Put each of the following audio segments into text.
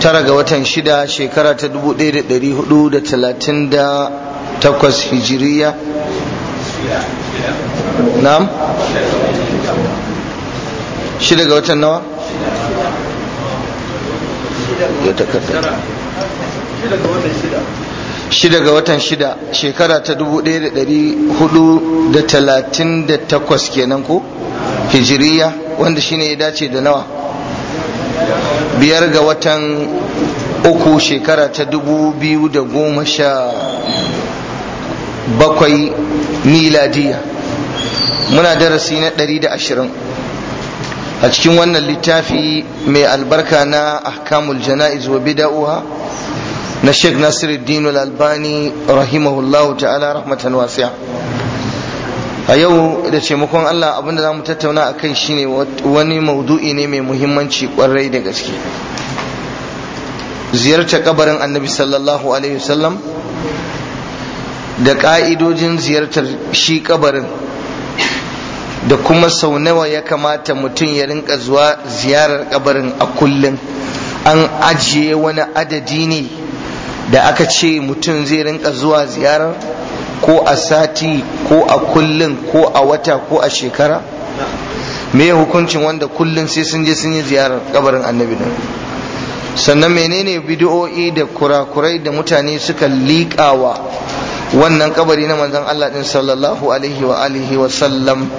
tara ga watan shida shekara ta 1438 hijiriya na'am shida ga watan nawa shida ga watan shida shekara ta 1438 kenan ko hijiriya wanda shine ya dace da nawa biyar ga watan uku shekara ta dubu biyu da goma sha bakwai miladiya muna darasi na ɗari da ashirin a cikin wannan littafi mai albarka na ahkamul jana'iz wa bida'uha na sheikh nasiruddin al-albani rahimahullahu ta'ala rahmatan wasiya a yau da taimakon Allah abinda za mu tattauna a kai shine wani maudu'i ne mai muhimmanci kwarai da gaske ziyarta kabarin annabi sallallahu alaihi wasallam da ka'idojin ziyartar shi kabarin da kuma sau nawa ya kamata mutum ya rinka zuwa ziyarar kabarin a kullum an ajiye wani adadi ne da aka ce mutum zai rinka zuwa ziyarar ko a sati ko a kullum ko a wata ko a shekara me hukuncin wanda kullun sai sun je sun yi ziyarar kabarin annabi nan sannan menene bidiyo'i da kurakurai da mutane suka liƙawa wannan kabari na manzan Allah din sallallahu alaihi wa alihi wa sallam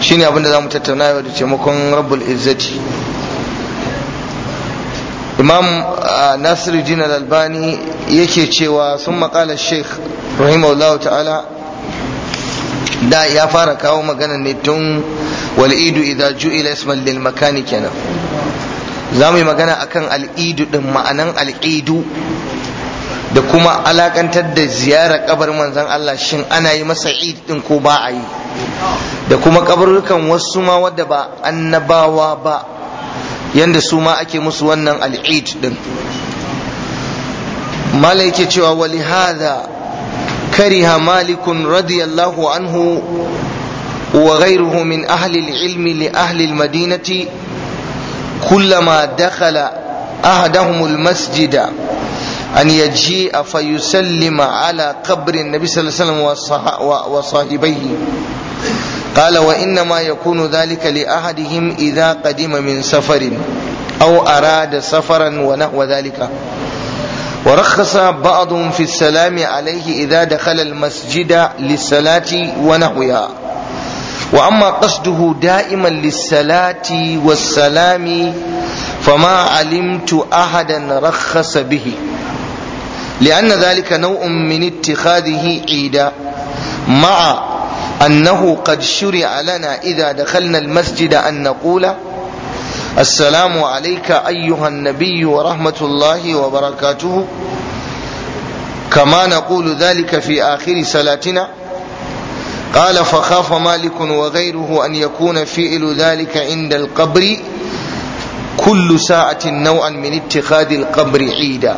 shine abinda zamu tattauna yau da taimakon rabbul izzati imam uh, nasiruddin al-albani yake cewa sun maƙala sheikh rahimahullahu ta'ala da ya fara kawo magana ne tun wal'idu idan ju'ila ismal lil makani kenan za mu yi magana akan al'idu din ma'anan al'idu da kuma alakantar da ziyarar kabar manzon Allah shin ana yi masa id din ko ba a yi da kuma kabarukan wasu ma wadda ba annabawa ba yanda su ma ake musu wannan al'id din mala yake cewa wali hadha kariha malikun radiyallahu anhu wa ghayruhu min ahli ilmi li ahli madinati kullama dakhala ahadahum al-masjida أن a فيسلم على قبر النبي صلى الله عليه وسلم وصاحبيه قال وإنما يكون ذلك لأحدهم إذا قدم من سفر أو أراد سفرا ونحو ذلك ورخص بعضهم في السلام عليه إذا دخل المسجد للصلاة ونحوها وأما قصده دائما للصلاة والسلام فما علمت أحدا رخص به لأن ذلك نوع من اتخاذه عيدا مع أنه قد شرع لنا إذا دخلنا المسجد أن نقول السلام عليك أيها النبي ورحمة الله وبركاته كما نقول ذلك في آخر صلاتنا قال فخاف مالك وغيره أن يكون فعل ذلك عند القبر كل ساعة نوعا من اتخاذ القبر عيدا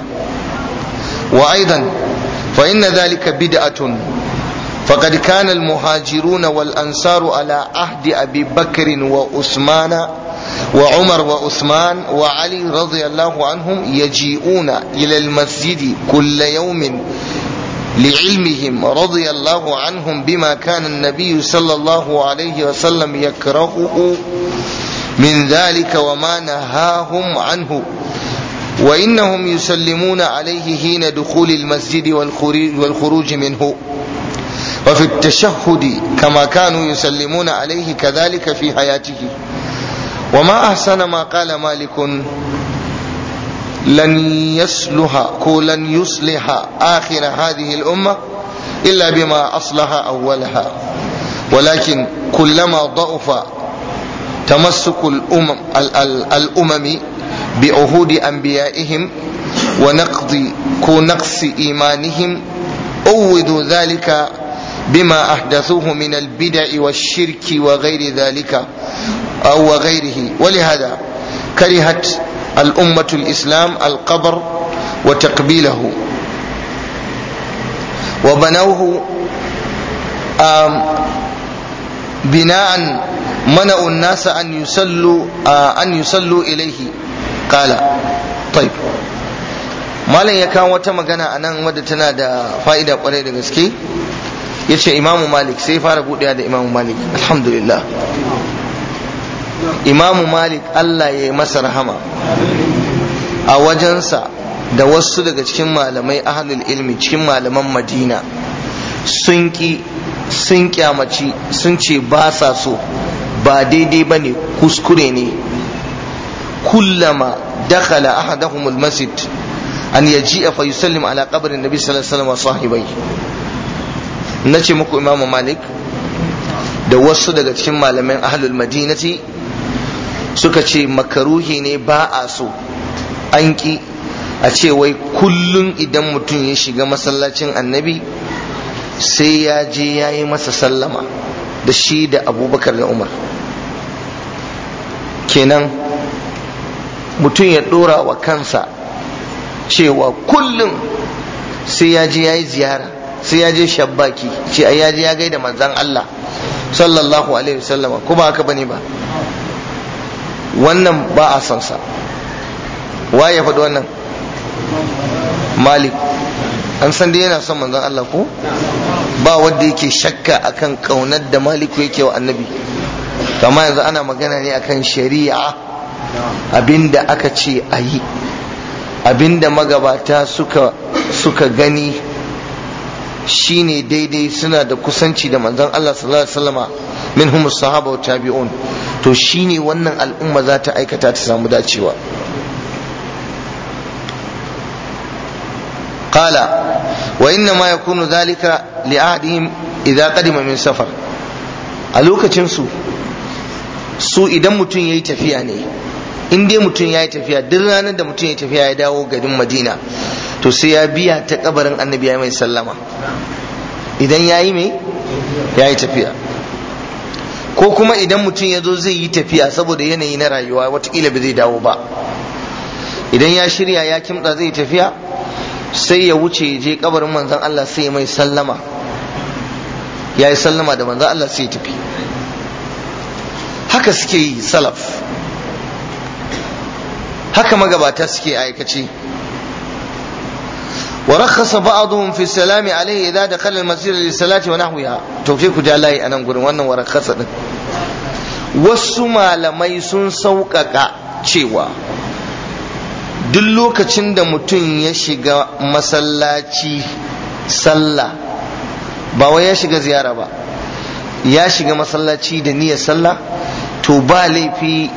وأيضا فإن ذلك بدعة فقد كان المهاجرون والأنصار على عهد أبي بكر وعثمان وعمر وعثمان وعلي رضي الله عنهم يجيئون إلى المسجد كل يوم لعلمهم رضي الله عنهم بما كان النبي صلى الله عليه وسلم يكرهه من ذلك وما نهاهم عنه وإنهم يسلمون عليه حين دخول المسجد والخروج منه وفي التشهد كما كانوا يسلمون عليه كذلك في حياته وما أحسن ما قال مالك لن يصلح لن يصلح آخر هذه الأمة إلا بما أصلح أولها ولكن كلما ضعف تمسك الأمم الأمم بعهود أنبيائهم ونقض نقص إيمانهم أوذوا ذلك بما أحدثوه من البدع والشرك وغير ذلك أو وغيره ولهذا كرهت الأمة الإسلام القبر وتقبيله وبنوه بناء منعوا الناس أن يصلوا أن يصلوا إليه قال طيب malam ya kawo wata magana a nan wadda tana da fa'ida kwarai da gaske yace imamu malik sai fara buɗewa da imamu malik alhamdulillah imamu malik allah ya yi masa rahama a wajensa da wasu daga cikin malamai ahlul ilmi cikin malaman madina sun ki sun kyamaci sun ce ba sa so ba daidai ba ne kuskure ne kullama dakala ahadahumul masjid an yaji a yusallim ala kabarin nabi sallallahu alaihi wasallam sahibai na ce muku imamu malik da wasu daga cikin malamin ahlul madinati suka ce makaruhi ne ba a so an ki a ce wai kullum idan mutum ya shiga masallacin annabi sai ya je ya yi masa sallama da shi da abubakar da umar kenan mutum ya dora wa kansa cewa kullum sai ya je ya yi ziyara sai ya je shabbaki ce ai ya je ya gaida manzon Allah sallallahu alaihi wasallam ko ba haka bane ba wannan ba a san sa wa ya faɗi wannan malik an san dai yana son manzon Allah ko ba wanda yake shakka akan kaunar da Malik yake wa annabi Kamar yanzu ana magana ne akan shari'a abinda aka ce ayi. abinda magabata suka suka gani shine daidai suna da kusanci da manzon Allah sallallahu alaihi wasallama minhum sahaba wa tabi'un to shine wannan al'umma za ta aikata ta samu dacewa wa inna ma yakunu zalika li'adihim idza qadima min safar? a lokacinsu su idan mutum ya tafiya ne in dai mutum ya tafiya duk ranar da mutum ya yi tafiya ya dawo garin madina to sai ya biya ta kabarin annabi ya mai sallama idan ya yi mai ya yi tafiya ko kuma idan mutum ya zo zai yi tafiya saboda yanayi na rayuwa watakila ba zai dawo ba idan ya shirya ya kimtsa zai tafiya sai ya wuce ya je kabarin manzan Allah sai mai sallama ya yi sallama da manzan Allah sai ya tafi haka suke yi salaf haka magabata suke aikace ورخص بعضهم في السلام عليه اذا دخل المسجد للصلاه ونحوها to sai ku ja layi anan gurin wannan warakasa din wasu malamai sun sauƙaƙa cewa duk lokacin da mutum ya shiga masallaci sallah ba wai ya shiga ziyara ba ya shiga masallaci da niyyar sallah to ba laifi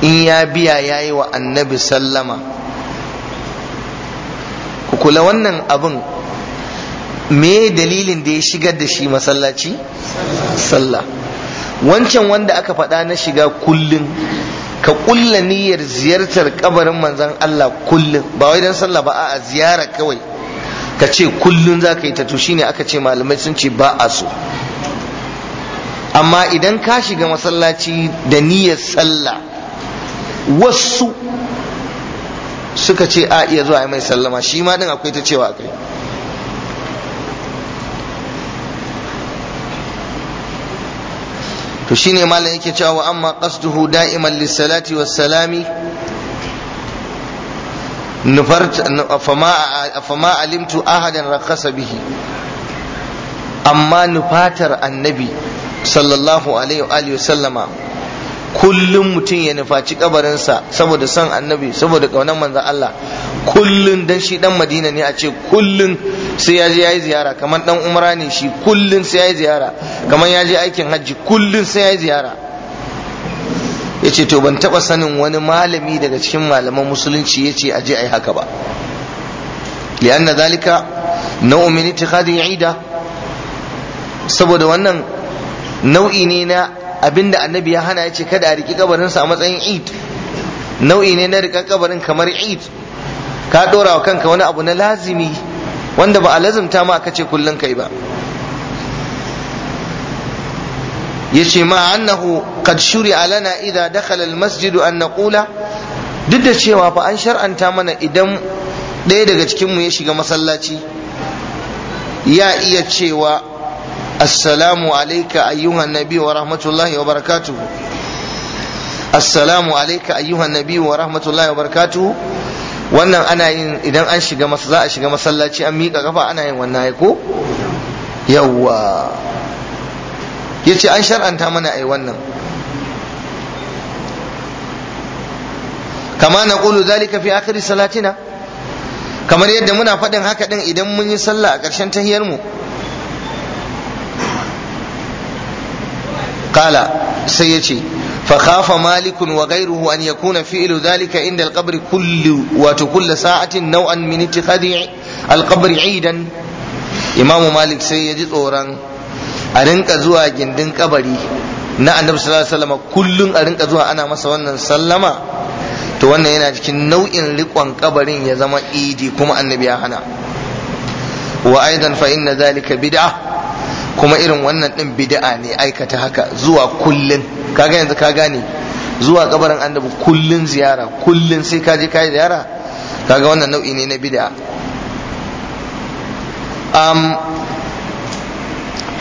in ya biya yayi wa annabi sallama kula wannan abin me dalilin da ya shigar da shi masallaci sallah wancan wanda aka faɗa na shiga kullun ka kulla niyyar ziyartar kabarin manzon Allah kullun. ba wai dan sallah ba a ziyara kawai ka ce kullum za ka yi ta to shine aka ce malamai sun ce ba a so amma idan ka shiga masallaci da niyyar sallah wasu suka ce a iya zuwa mai sallama shi ma din akwai ta cewa akai to shine malam yake cewa wa amma qasduhu da'iman lis-salati was-salami nufart fama alimtu ahadan rakasa bihi amma nufatar annabi sallallahu alaihi wa sallama kullum mutum ya nufaci kabarinsa saboda son annabi saboda kaunar manzan Allah kullum dan shi dan madina ne a ce kullum sai ya je ya yi ziyara kamar dan umara ne shi kullum sai ya yi ziyara kamar ya je aikin hajji kullum sai ya yi ziyara ya ce to ban taba sanin wani malami daga cikin malaman musulunci ya ce aje a yi haka ba li'an na zalika nau'u min ya'ida ida saboda wannan nau'i ne na abinda annabi ya hana ya ce kada a riki kabarinsa a matsayin eid nau'i ne na rikan kabarin kamar eid ka dora wa kanka wani abu na lazimi wanda ba a lazimta ma aka ce kullum kai ba yace ma annahu qad shuri'a lana idza dakhala al an naqula duk da cewa fa an shar'anta mana idan ɗaya daga cikin mu ya shiga masallaci ya iya cewa assalamu alaika ayyuhan nabi wa rahmatullahi wa barakatuh assalamu alaika ayyuhan nabi wa rahmatullahi wa barakatuh wannan ana yin idan an shiga masa za a shiga masallaci an miƙa kafa ana yin wannan ko yawwa yace an shar'anta mana ai wannan kama na ƙulu zalika fi akhiri salatina kamar yadda muna faɗin haka ɗin idan mun yi sallah a ƙarshen tahiyar mu qala sai yace fa khafa malik wa ghayruhu an yakuna fi'lu dhalika inda al-qabr kullu wa kullu sa'atin naw'an min ittikhadi al-qabr 'idan malik sai ya ji tsoron a rinka zuwa gindin kabari na annabi sallallahu alaihi a rinka zuwa ana masa wannan sallama Ta wannan yana cikin nau'in riƙon kabarin ya zama idi kuma annabi ya hana wa aidan fa inna zalika bid'ah kuma irin wannan ɗin bid'a ne aikata haka zuwa kullun kaga yanzu ka gane zuwa kabarin annabi kullun ziyara kullun sai ka je ka ziyara kaga wannan nau'i ne na bid'a um,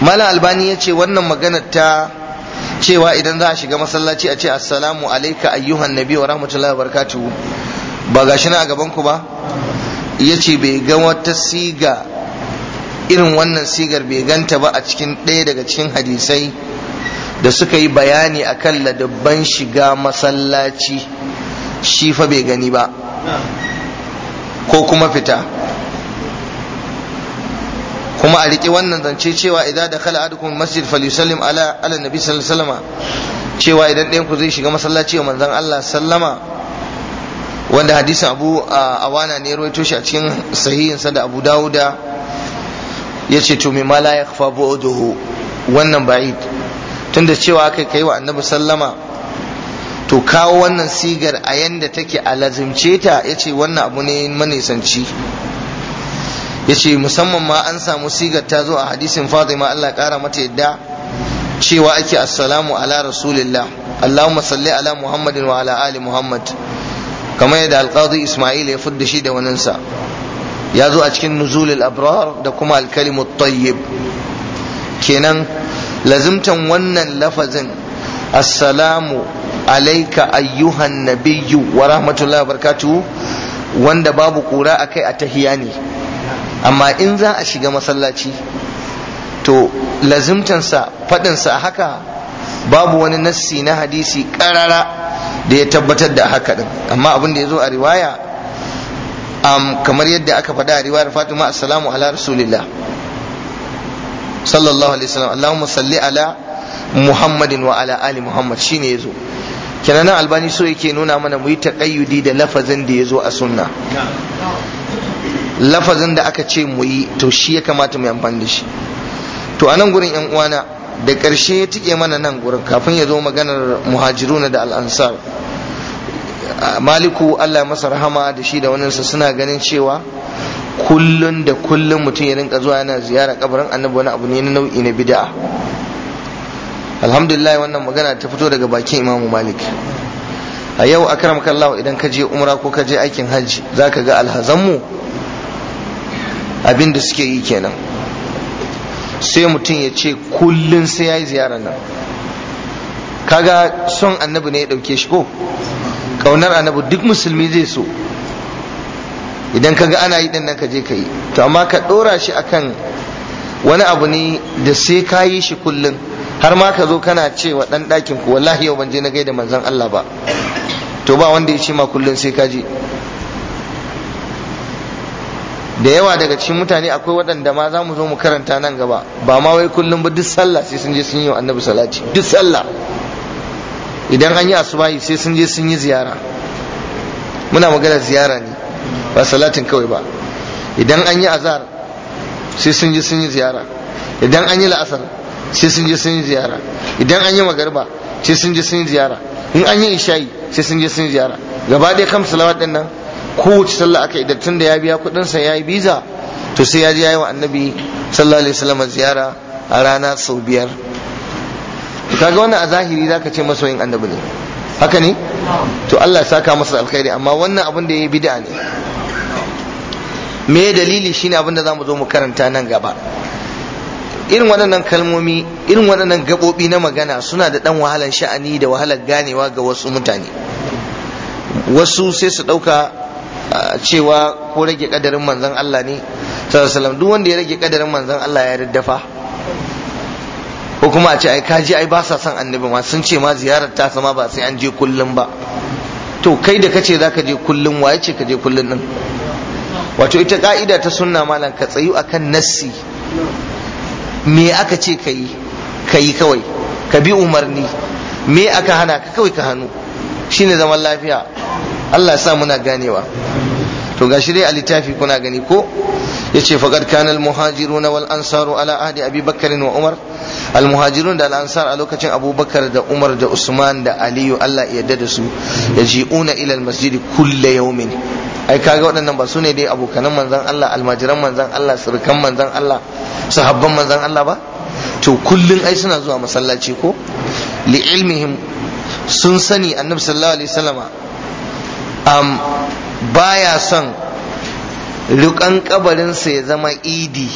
mala albani ya ce wannan maganar ta cewa idan za a shiga masallaci a ce assalamu alaika ayyuhan nabi wa rahmatullahi wa barakatuhu ba gashi na a gaban ku ba ya ce bai ga wata siga irin wannan sigar bai ganta ba a cikin ɗaya daga cikin hadisai da suka yi bayani a kan ladabban shiga masallaci shi fa bai gani ba ko kuma fita kuma a riƙe wannan zance cewa idan da kala adukun masjid falisalim ala ala nabi sallama cewa idan ɗayan ku zai shiga masallaci wa manzan Allah sallama wanda hadisin abu awana ne ya rawaito shi a cikin sahihinsa da abu dawuda yace to me ma la yakhfa bu'duhu wannan ba'id tunda cewa aka kai wa annabi sallama to kawo wannan sigar a yanda take a lazimce ta yace wannan abu ne manisanci yace musamman ma an samu sigar ta zo a hadisin Fatima Allah kara mata yadda cewa ake assalamu ala rasulillah Allahumma salli ala Muhammadin wa ala ali Muhammad kamar yadda alqadi Isma'il ya fudda shi da waninsa ya zo a cikin nuzulul abrar da kuma Alkalimu tayyib kenan lazimtan wannan lafazin assalamu alaika ayyuhan nabiyyu wa rahmatullahi barakatuhu wanda babu kura kai a tahiya ne amma in za a shiga masallaci to lazimtansa faɗinsa haka babu wani nassi na hadisi ƙarara da ya tabbatar da haka din amma abin da ya zo a riwaya um, kamar yadda aka faɗa a riwayar Fatima assalamu ala rasulillah sallallahu alaihi wasallam Allahumma salli ala Muhammadin wa ala ali Muhammad shine yazo kenan nan albani so yake nuna mana mu yi taƙayyudi da lafazin da yazo a sunna lafazin da aka ce mu yi to shi ya kamata mu yi amfani da shi to a nan gurin yan uwana da ƙarshe ya tike mana nan gurin kafin ya zo maganar muhajiruna da al-ansar. maliku Allah masa rahama da shi da waninsa suna ganin cewa kullun da kullun mutum ya rinka zuwa yana ziyara kabarin annabi wani abu ne na nau'i na bid'a alhamdulillah wannan magana ta fito daga bakin imamu malik a yau akram kallahu idan ka je umra ko ka je aikin hajji zaka ga alhazanmu abin da suke yi kenan sai mutum ya ce kullun sai ya yi ziyarar nan kaga son annabi ne ya ɗauke shi ko kaunar annabi duk musulmi zai so idan ka ga ana yi din nan ka je ka yi to amma ka dora shi akan wani abu ne da sai ka yi shi kullum har ma ka zo kana cewa dan dakin ku wallahi yau ban je na gaida manzon Allah ba to ba wanda ya ce ma kullum sai ka je da yawa daga cikin mutane akwai waɗanda ma za mu zo mu karanta nan gaba ba ma wai kullum ba duk sallah sai sun je sun yi wa annabi salati duk sallah idan an yi asubahi sai sun je sun yi ziyara muna magana ziyara ne ba salatin kawai ba idan an yi azar sai sun je sun yi ziyara idan an yi la'asar sai sun je sun yi ziyara idan an yi magarba sai sun je sun yi ziyara in an yi ishayi sai sun je sun yi ziyara gaba ɗaya kam salawat din nan kowace sallah aka idan tun da ya biya kuɗin sa ya yi biza to sai ya je ya yi wa annabi sallallahu alaihi wasallam ziyara a rana sau biyar Ka kaga wannan a zahiri zaka ce masoyin annabi ne haka ne to Allah saka masa alkhairi amma wannan abin da yayi bid'a ne me dalili shine abin da zamu zo mu karanta nan gaba irin waɗannan kalmomi irin waɗannan gaɓoɓi na magana suna da ɗan wahalar sha'ani da wahalar ganewa ga wasu mutane wasu sai su ɗauka cewa ko rage ƙadarin manzon Allah ne sallallahu duk wanda ya rage ƙadarin manzon Allah ya riddafa ko kuma a ce ai kaji ai ba sa son annabi ma sun ce ma ziyarar ta sama ba sai an je kullum ba to kai da kace zaka je kullum waye ce ka je kullum din wato ita ka'ida ta sunna malam ka tsayu akan nassi me aka ce ka yi kawai ka bi umarni me aka hana ka kawai ka hannu shine zaman lafiya Allah ya sa muna ganewa to gashi dai a littafi kuna gani ko yace faqad kana al-muhajiruna wal ansar ala ahdi abi bakr wa umar al-muhajirun da al-ansar a lokacin abubakar da umar da usman da aliyu Allah ya yarda da su yaji'una ila al-masjid kull yawmin ai kaga waɗannan ba su ne dai abokanan manzon Allah almajiran manzon Allah surukan manzon Allah sahabban manzon Allah ba to kullun ai suna zuwa masallaci ko li ilmihim sun sani annabi sallallahu alaihi wasallama um, baya son rukan kabarinsa ya zama idi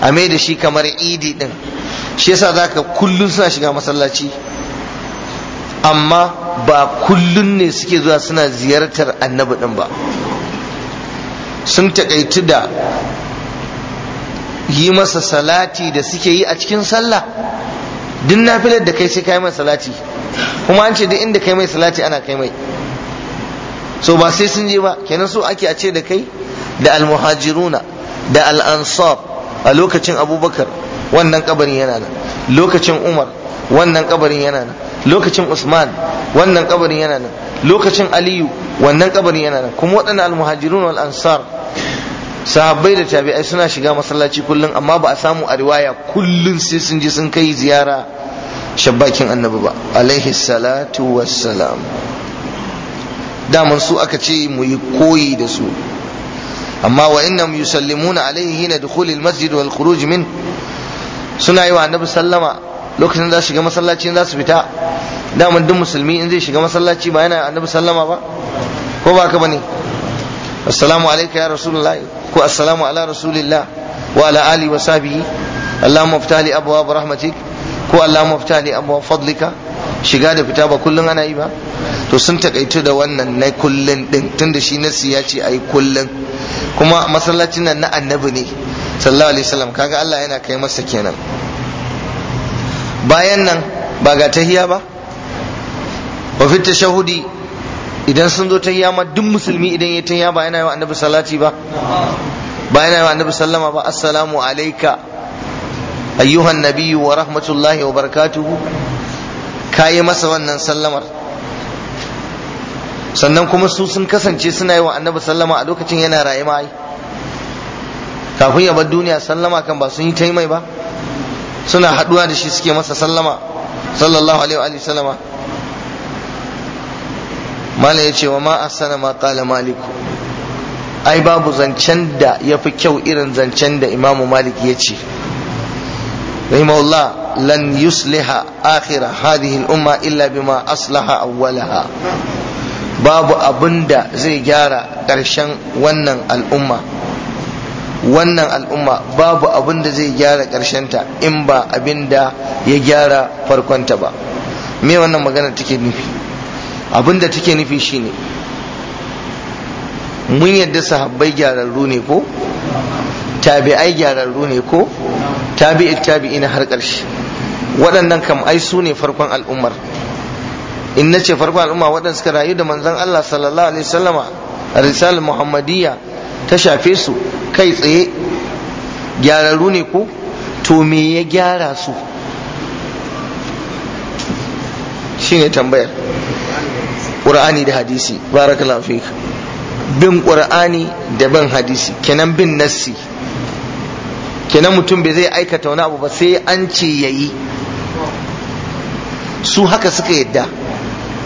a mai da shi kamar idi din shi yasa ka kullum suna shiga masallaci amma ba kullum ne suke zuwa suna ziyartar annabi din ba sun takaitu da yi masa salati da suke yi a cikin sallah duk filar da kai sai kai mai salati kuma an ce duk inda kai mai salati ana kai mai so ba sai sun je ba kenan so ake a ce da kai da almuhajiruna da al'ansar a lokacin abubakar wannan kabarin yana nan lokacin umar wannan kabarin yana nan lokacin usman wannan kabarin yana nan lokacin aliyu wannan kabarin yana nan kuma waɗannan almuhajirun al'ansar ansar sahabbai da tabi'ai suna shiga masallaci kullum amma ba a samu a riwaya kullum sai sun je sun kai ziyara shabbakin annabi ba alaihi salatu wassalam daman su aka ce mu yi koyi da su amma wa mu yusallimuna alaihi na dukhulil masjid wal khuruj min suna yi wa annabi sallama lokacin za su shiga masallaci za su fita daman duk musulmi in zai shiga masallaci ba yana annabi sallama ba ko ba ka bane assalamu alayka ya rasulullah ko assalamu ala rasulillah wa ala ali wa sahbihi allahumma aftali abwaab rahmatik ko allahumma aftali abwaab fadlika shiga da fita ba kullun ana yi ba to sun takaitu da wannan na kullun din tunda shi nasi ya ce ai kullun kuma masallacin nan na annabi ne sallallahu alaihi wasallam kaga Allah yana kai masa kenan bayan nan ba ga tahiya ba wa fit tashahudi idan sun zo tahiya ma duk musulmi idan ya tahiya ba yana yi wa annabi salati ba ba yana yi wa annabi sallama ba assalamu alayka ayyuhan nabiyyu wa rahmatullahi wa barakatuhu kayi masa wannan sallamar sannan kuma su sun kasance suna yi wa annabi sallama a lokacin yana raye ma'ai kafin ya bar duniya sallama kan ba sun yi ta mai ba suna haɗuwa da shi suke masa sallama sallallahu alaihi wa sallama malam ya ce wa ma asana ma qala maliku ai babu zancen da ya fi kyau irin zancen da imamu malik ya ce rahimahullah lan yusliha akhira hadhihi al-umma illa bima aslaha awwalaha babu abin da zai gyara ƙarshen wannan al'umma wannan al'umma babu abin da zai gyara ta in ba abin da ya gyara farkonta ba me wannan magana take nufi abin da take nufi shine mun yadda sahabbai gyararru ne ko tabi'ai gyararru ne ko tabi'i tabi'i na har ƙarshe waɗannan kam ai su ne farkon al'ummar in na ce farko al'umma waɗanda suka rayu da manzon Allah sallallahu alaihi wasallama risal muhammadiyya ta shafe su kai tsaye gyararru ne ko to me ya gyara su shine tambayar qur'ani da hadisi barakallahu fik bin qur'ani da bin hadisi kenan bin nassi kenan mutum bai zai aikata wani abu ba sai an ce yayi su haka suka yadda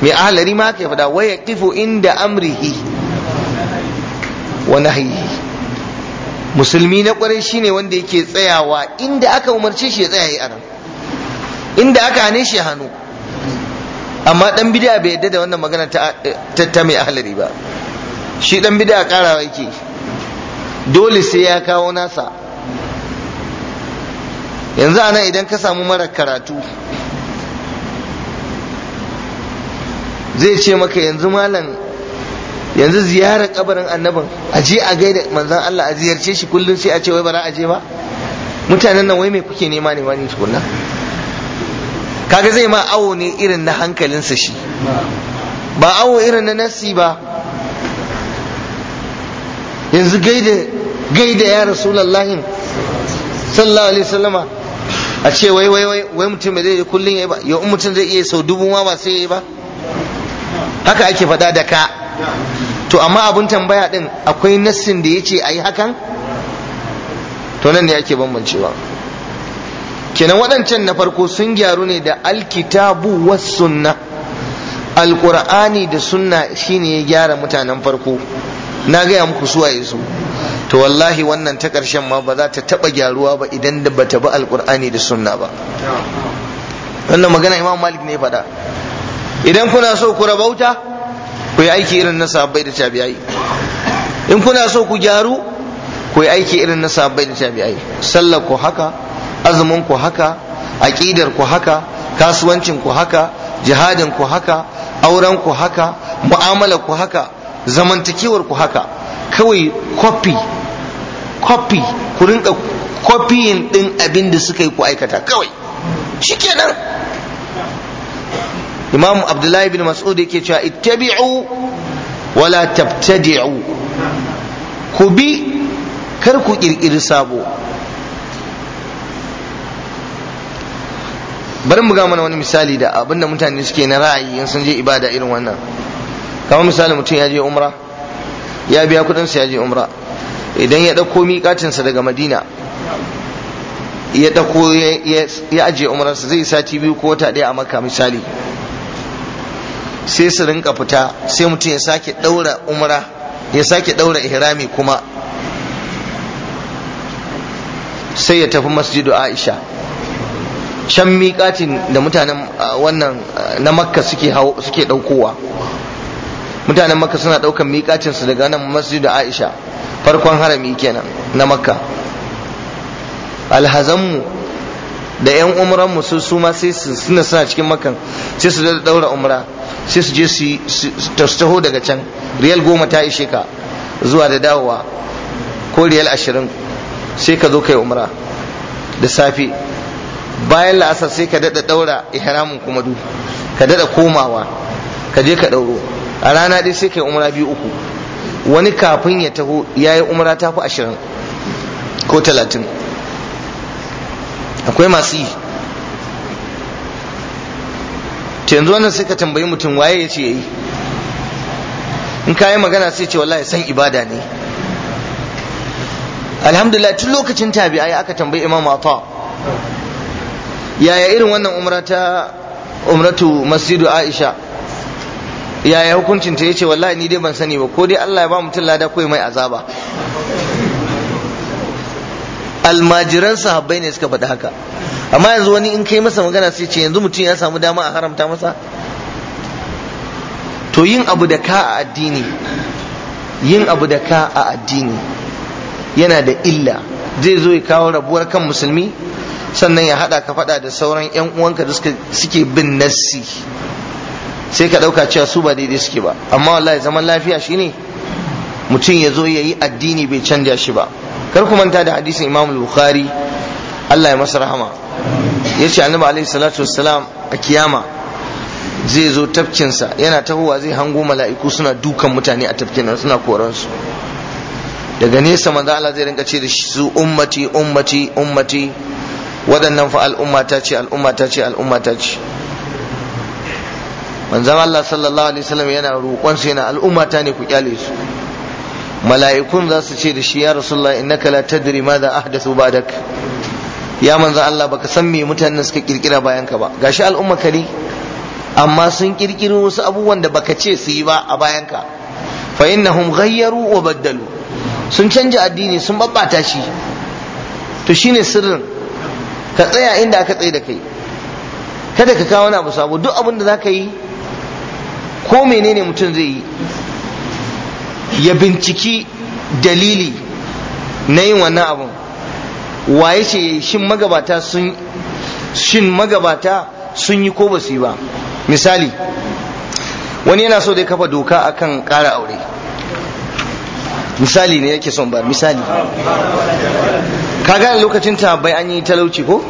mai ahalari ma ka faɗa waya kifo inda amrihi wa nahyihi musulmi na kwarai shine wanda yake tsayawa inda aka umarce shi ya tsaya yi anan inda aka hane shi hannu amma dan bid'a bai yadda da wannan magana ta ta mai ahalari ba shi dan bid'a karawa yake dole sai ya kawo nasa yanzu anan idan ka samu mara karatu zai ce maka yanzu malam yanzu ziyarar kabarin annabin a je a gaida manzon Allah a ziyarce shi kullum sai a ce wai ba za a je ba mutanen nan wai me kuke nema ne wani tukunna kaga zai ma awo ne irin na hankalinsa shi ba awo irin na nasi ba yanzu gaida gaida ya rasulullahi sallallahu alaihi wasallama a ce wai wai wai mutum zai yi kullum yi ba yau mutum zai iya sau dubu ma ba sai yi ba haka ake faɗa da ka to amma abun tambaya din akwai nassin da ya ce a hakan to nan ne ake bambancewa kenan waɗancan na farko sun gyaru ne da alkitabu was sunna alqur'ani da sunna shine ya gyara mutanen farko na gaya muku su waye su to wallahi wannan ta karshen ma ba za ta taɓa gyaruwa ba idan da bata bi Alƙur'ani da sunna ba wannan magana imam malik ne faɗa idan kuna so ku rabauta ku yi aiki irin na sahabbai da tabi'ai in kuna so ku gyaru ku yi aiki irin na sahabbai da tabi'ai sallar ku haka azumin ku haka aqidar ku haka kasuwancin ku haka jihadin ku haka auren ku haka mu'amalar ku haka zamantakewar ku haka kawai copy copy ku rinka copying din abin da suka yi ku aikata kawai shikenan imam abdullahi bin mas'ud yake cewa ittabi'u wala tabtadi'u ku bi kar ku kirkiri sabo bari mu ga mana wani misali da abinda mutane suke na ra'ayi in sun je ibada irin wannan kamar misali mutum ya je umra ya biya kudin sa ya je umra idan ya dauko miƙatin sa daga madina ya dauko ya aje umrarsa zai sati biyu ko wata ɗaya a makka misali sai su rinka fita sai mutum ya sake daura umra ya sake daura ihrami kuma sai ya tafi masjidu aisha can miƙatin da mutanen wannan na makka suke ɗaukowa mutanen makka suna ɗaukan miƙacin su daga nan masjidu aisha farkon harami kenan na makka alhazanmu da 'yan umranmu su suma sai suna suna cikin makan sai su daura umra sai su je su taho daga can riyal goma ta ishe ka zuwa da dawowa ko riyal ashirin sai ka zo kai umra da safe bayan la'asar sai ka daɗa ɗaura ihramin kuma du ka daɗa komawa ka je ka ɗauro a rana ɗaya sai kai umra biyu uku wani kafin ya taho ya yi umra ta fi ashirin ko talatin akwai masu yi to yanzu wannan sai ka tambayi mutum waye ya ce yayi in ka yi magana sai ce wallahi san ibada ne alhamdulillah tun lokacin tabi'ai aka tambayi imam ata yaya irin wannan umra ta umratu masjidu aisha yaya hukuncin ta yace wallahi ni dai ban sani ba ko dai Allah ya ba mutum lada ko mai azaba almajiran sahabbai ne suka faɗi haka amma yanzu wani in kai masa magana sai ce yanzu mutum ya samu dama a haramta masa to yin abu da ka a addini yin abu da ka a addini yana da illa zai zo ya kawo rabuwar kan musulmi sannan ya hada ka fada da sauran yan uwanka da suke bin nassi sai ka dauka cewa su ba daidai suke ba amma wallahi zaman lafiya shine mutum ya zo ya yi addini bai canja shi ba kar ku manta da hadisin imam bukhari Allah ya masa rahama ya ce annabi alaihi salatu wassalam a kiyama zai zo tafkinsa yana tahowa zai hango mala'iku suna dukan mutane a tafkin suna su. daga nesa manzo Allah zai rinka ce da su ummati ummati ummati waɗannan fa al'umma ta ce al'umma ta ce al'umma ta ce manzo Allah sallallahu alaihi wasallam yana roƙon su yana al'umma ta ne ku kyale su mala'ikun za su ce da shi ya rasulullah innaka la tadri ma da ahdathu ba'dak ya manzan Allah baka san me mutanen suka kirkira bayan ka ba gashi al'umma ka ne amma sun kirkiro wasu abubuwan da baka ce su yi ba a bayan ka fa innahum ghayyaru wa baddalu sun canja addini sun babbata shi to shine sirrin ka tsaya inda aka tsaye da kai kada ka kawo wani abu sabo duk abin da zaka yi ko menene mutum zai yi ya binciki dalili na yin wannan abun waye ce shin magabata sun shin magabata sun yi ko ba su yi ba misali wani yana so da ya kafa doka akan ƙara aure misali ne yake son ba misali kaga lokacin bai an yi talauci ko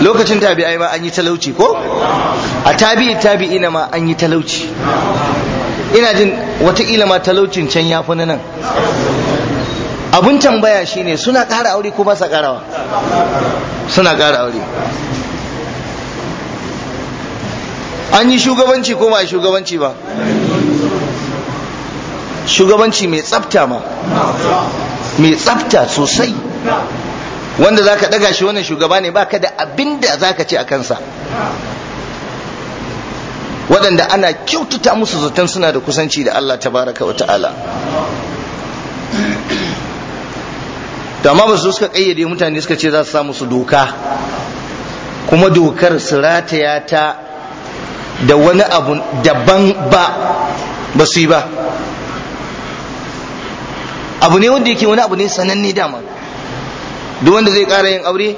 lokacin ai ma an yi talauci ko a tabi'i tabi'i na ma an yi talauci ina jin wataƙila ma talaucin can ya fi na nan abun tambaya shine suna ƙara aure ko ba ƙarawa suna ƙara aure an yi shugabanci ko ba shugabanci ba shugabanci mai tsafta ma mai tsafta sosai wanda za ka ɗaga shi wannan shugaba ne ba ka da abin da za ka ce a kansa waɗanda ana kyautata musu zaton suna da kusanci da Allah tabaraka wa ta'ala to amma ba su suka kayyade mutane suka ce za su samu su doka kuma dokar su rataya ta da wani abu daban ba ba su yi ba abu ne wanda yake wani abu ne sananne dama duk wanda zai kara yin aure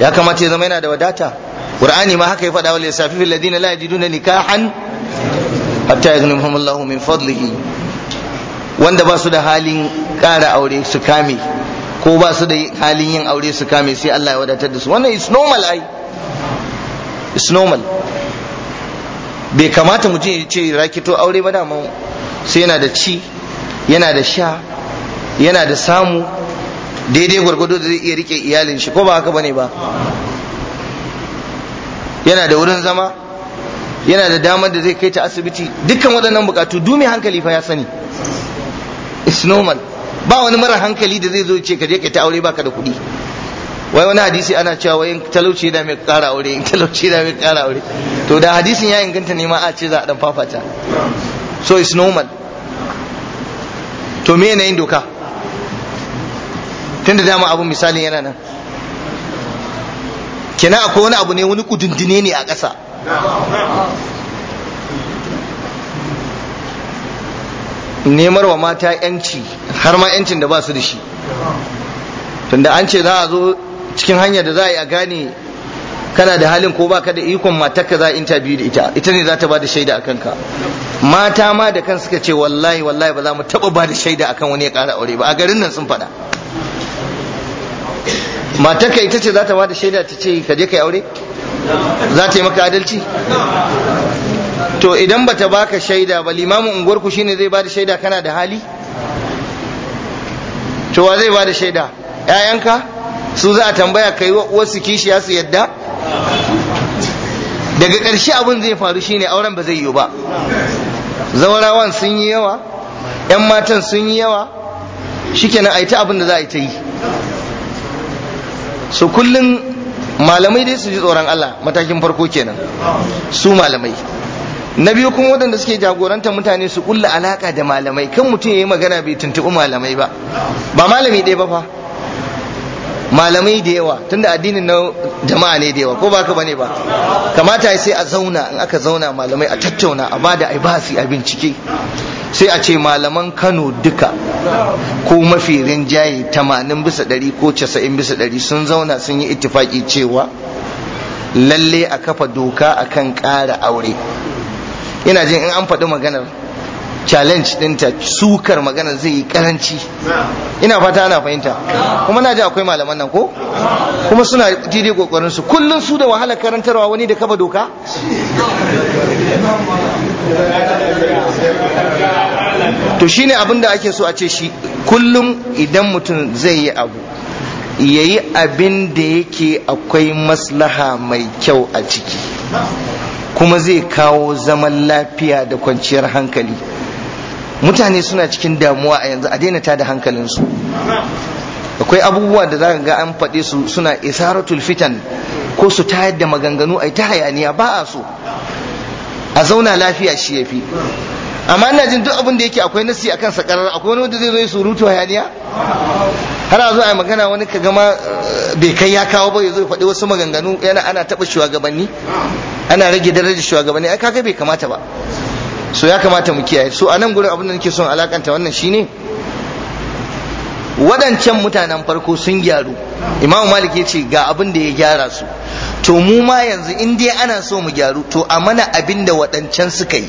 ya kamata ya zama yana da wadata qur'ani ma haka ya faɗa wa lissafi fil ladina la yajiduna nikahan hatta yaghnihum Allahu min fadlihi wanda ba su da halin kara aure su kame ko ba su da halin yin aure su kame sai Allah ya wadatar da su wannan is normal ai is normal bai kamata mutum ya ce rakito aure ba dama sai yana da ci yana da sha yana da samu daidai gwargwado da zai iya rike iyalin shi ko ba haka bane ba yana da wurin zama yana da damar da zai kai ta asibiti dukkan waɗannan bukatu dumi hankali fa ya sani it's normal ba wani mara hankali da zai zo ce ka je ka ta aure baka da kuɗi wai wani hadisi ana cewa wai in talauci da mai ƙara aure in talauci da mai ƙara aure to da hadisin ya inganta ne ma a ce za a dan fafata so it's normal to me yanayin doka tunda dama abu misalin yana nan kina akwai wani abu ne wani kudundune ne a ƙasa nemar wa mata yanci har ma yancin da ba su da shi tunda an ce za a zo cikin hanyar da za a yi a gane kana da halin ko baka da ikon ka za a interview da ita ita ne za ta ba da shaida a kanka mata ma da kan suka ce wallahi wallahi ba za mu taba ba da shaida kan wani ya kara aure ba a garin nan sun faɗa matarka ita ce za ta ba da shaida ta ce ka je ka yi aure za ta yi maka adalci to idan bata baka shaida ba limamin unguwarku ku shine zai bada shaida kana da hali to wa zai bada shaida ƴaƴanka su za a tambaya kai wasu kishiya su yadda daga ƙarshe abin zai faru shine auren ba zai yiwu ba zaurawan sun yi yawa 'yan matan sun yi yawa shikenan a yi ta abin da za a yi ta yi su kullum malamai dai su ji tsoron Allah matakin farko kenan su malamai na biyu kuma waɗanda suke jagorantar mutane su kulla alaka da malamai kan mutum ya yi magana bai tuntuɓi malamai ba ba malami ɗaya ba fa malamai da yawa tunda addinin na jama'a ne da yawa ko ba ka bane ba kamata sai a zauna in aka zauna malamai a tattauna a bada a basi a bincike sai a ce malaman Kano duka ko mafi rinjaye 80 bisa 100 ko 90 bisa 100 sun zauna sun yi ittifaki cewa lalle a kafa doka akan ƙara aure ina jin in an faɗi maganar challenge ɗinta sukar maganar zai yi karanci ina fata ana fahimta kuma na ji akwai malaman nan ko kuma suna daidai kokarin su kullum su da wahala karantarwa wani da kaba doka to shine abin da ake so a ce shi kullum idan mutum zai yi abu ya yi abin da yake akwai maslaha mai kyau a ciki kuma zai kawo zaman lafiya da kwanciyar hankali mutane suna cikin damuwa a yanzu a daina tada hankalinsu akwai abubuwa da za ga an faɗe su suna isaratul fitan ko su tayar da maganganu a ta hayaniya ba a so a zauna lafiya shi ya fi amma ina jin duk abin da yake akwai nasi kan sakarar akwai wani wanda zai zo ya surutu hayaniya har a zo a magana wani ka gama eh, bai kai ya kawo ba ya zo ya faɗi wasu maganganu yana ana taɓa shugabanni ana rage darajar shugabanni ai kaga bai kamata ba so ya kamata mu kiyaye so a nan gurin abin da nake son alakanta wannan shine Wadancan mutanen farko sun gyaru imamu malik ya ce ga abin da ya gyara su to mu ma yanzu in dai ana so mu gyaru to a mana abin da wadancan suka yi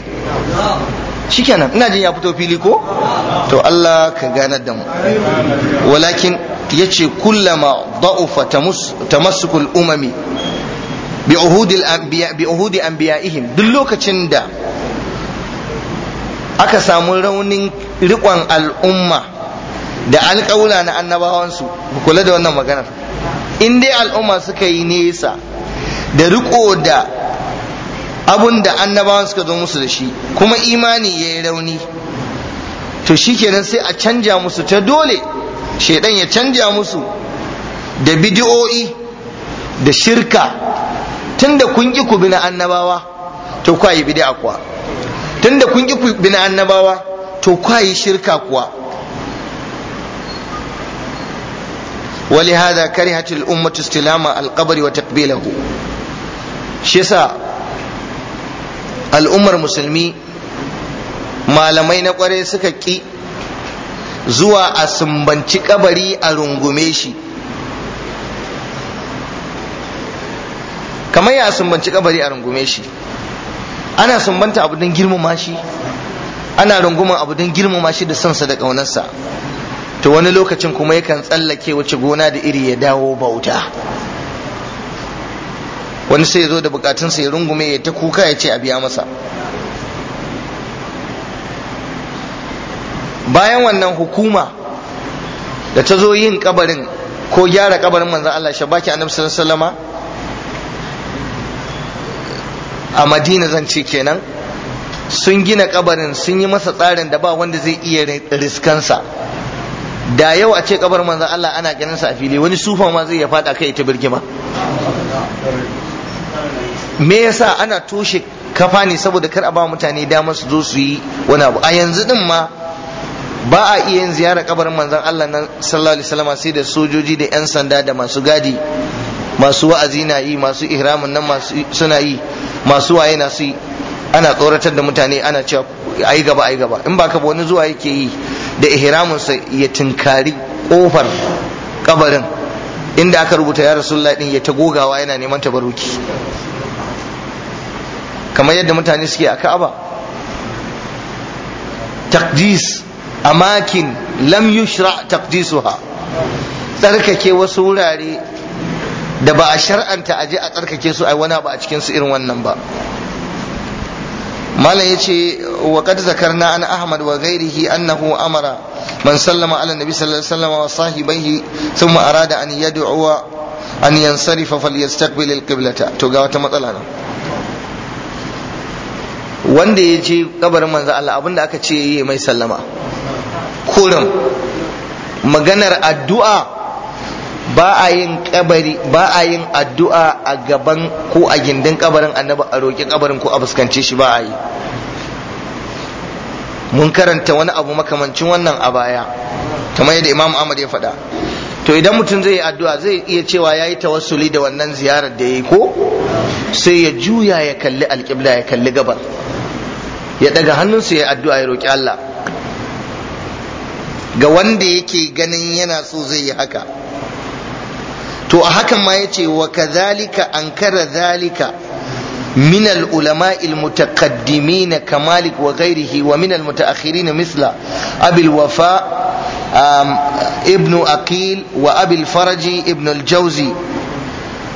shikenan ina jin ya fito fili ko to Allah ka ganar da mu walakin yace kullama da'ufa tamassukul umami bi uhudil anbiya bi uhudi anbiya'ihim duk lokacin da aka samu raunin rikon al'umma da alƙawla na annabawansu kula da wannan maganar in dai al'umma suka yi nesa da riƙo da abun da annabawan suka zo musu da shi kuma imani ya yi rauni to shikenan sai a canja musu ta dole shaidan ya canja musu da bidiyo'i da shirka tunda kun ki ku bi annabawa to kwa yi bid'a kuwa tunda kun ki ku bi na annabawa to kwa yi shirka kuwa ولهذا كرهت الأمة استلام القبر وتقبيله شيسا الأمر malamai ما لمين suka سككي zuwa a sumbanci kabari a rungume shi kamar ya sumbanci kabari a rungume shi ana sumbanta abu don girmama shi ana runguman abu don girmama shi da sansa da kaunarsa. to wani lokacin kuma yakan tsallake wace gona da iri ya dawo bauta wani sai ya zo da bukatunsa ya rungume ya ta kuka ya ce a biya masa bayan wannan hukuma da ta zo yin kabarin ko gyara kabarin manzan Allah shabaki annabi sallallahu alaihi wasallama a madina zan ce kenan sun gina kabarin sun yi masa tsarin da ba wanda zai iya riskansa da yau a ce kabar manzo Allah ana ganin sa a fili wani sufa ma zai ya fada kai ta birgima me yasa ana toshe kafa ne saboda kar a ba mutane damar su zo su yi wani abu a yanzu din ma ba a iya yin ziyara kabarin manzon Allah na sallallahu alaihi wasallam sai da sojoji da yan sanda da masu gadi masu wa'azi na yi masu ihramin nan masu suna yi masu waye na su ana tsoratar da mutane ana cewa ayi gaba ayi gaba in ba ka wani zuwa yake yi da ihraminsa ya tinkari kofar kabarin inda aka rubuta ya rasulullah din ya ta gogawa yana neman tabaruki kamar yadda mutane suke a ka'aba taqdis amakin lam yushra taqdisuha tsarkake wasu wurare da ba a shar'anta aje a tsarkake su ai wani ba a cikin su irin wannan ba malam yace wa qad zakarna an ahmad wa ghairihi annahu amara man sallama ala nabi sallallahu alaihi wasallam wa sahibaihi thumma arada an yad'u an yansarifa falyastaqbil alqiblata to ga wata matsala nan wanda ya je kabarin manzo Allah abinda aka ce yayi mai sallama kurin maganar addu'a ba a yin kabari ba a yin addu'a a gaban ko a gindin kabarin annabi a roƙi kabarin ko a fuskance shi ba a yi mun karanta wani abu makamancin wannan a baya kamar yadda imam ahmad ya faɗa to idan mutum zai yi addu'a zai iya cewa ya yi tawassuli da wannan ziyarar da ya yi ko sai ya juya ya kalli alƙibla ya kalli gabar ya ɗaga hannunsa ya addu'a ya roƙi allah ga wanda yake ganin yana so zai yi haka to a hakan ma yace wa kadhalika ankara zalika من العلماء المتقدمين كمالك وغيره ومن المتأخرين مثل أبي الوفاء ابن أقيل وأبي الفرج ابن الجوزي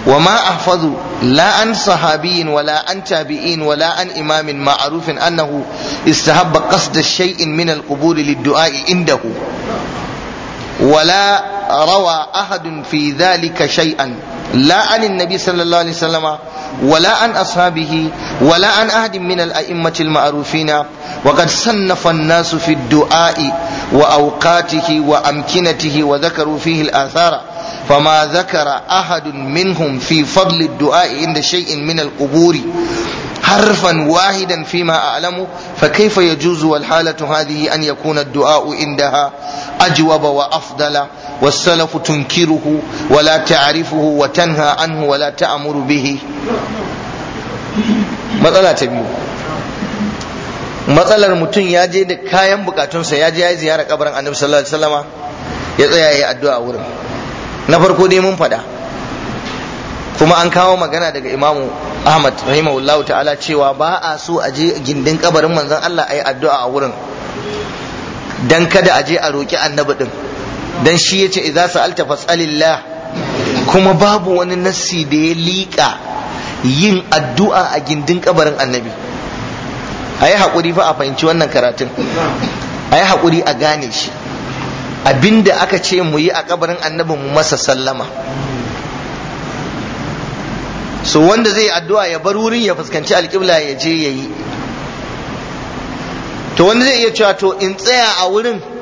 وما أحفظ لا عن صحابي ولا عن تابعين ولا عن إمام معروف أنه استحب قصد شيء من القبول للدعاء عنده ولا روى أحد في ذلك شيئا لا عن النبي صلى الله عليه وسلم ولا عن أصحابه ولا عن أحد من الأئمة المعروفين وقد صنف الناس في الدعاء وأوقاته وأمكنته وذكروا فيه الآثار فما ذكر أحد منهم في فضل الدعاء عند شيء من القبور حرفا واحدا فيما أعلم فكيف يجوز والحالة هذه أن يكون الدعاء عندها أجوب وأفضل والسلف تنكره ولا تعرفه وتنهى عنه ولا تأمر به matsala ta biyu matsalar mutum ya je da kayan bukatunsa ya je ya yi ziyara kabarin annabi sallallahu alaihi wasallama ya tsaya ya yi addu'a wurin na farko dai mun fada kuma an kawo magana daga imamu ahmad rahimahullah ta'ala cewa ba a so a je gindin kabarin manzon Allah a yi addu'a a wurin dan kada a je a roki annabi din dan shi yace idza sa'alta fas'alillah kuma babu wani nassi da ya liƙa yin addu'a a gindin kabarin annabi a yi fa a fahimci wannan karatun a yi a gane shi abinda aka ce mu yi a kabarin annabi mu masa sallama so wanda zai addu'a ya bar wurin ya fuskanci alƙibla ya je ya yi to wanda zai iya cewa to in tsaya a wurin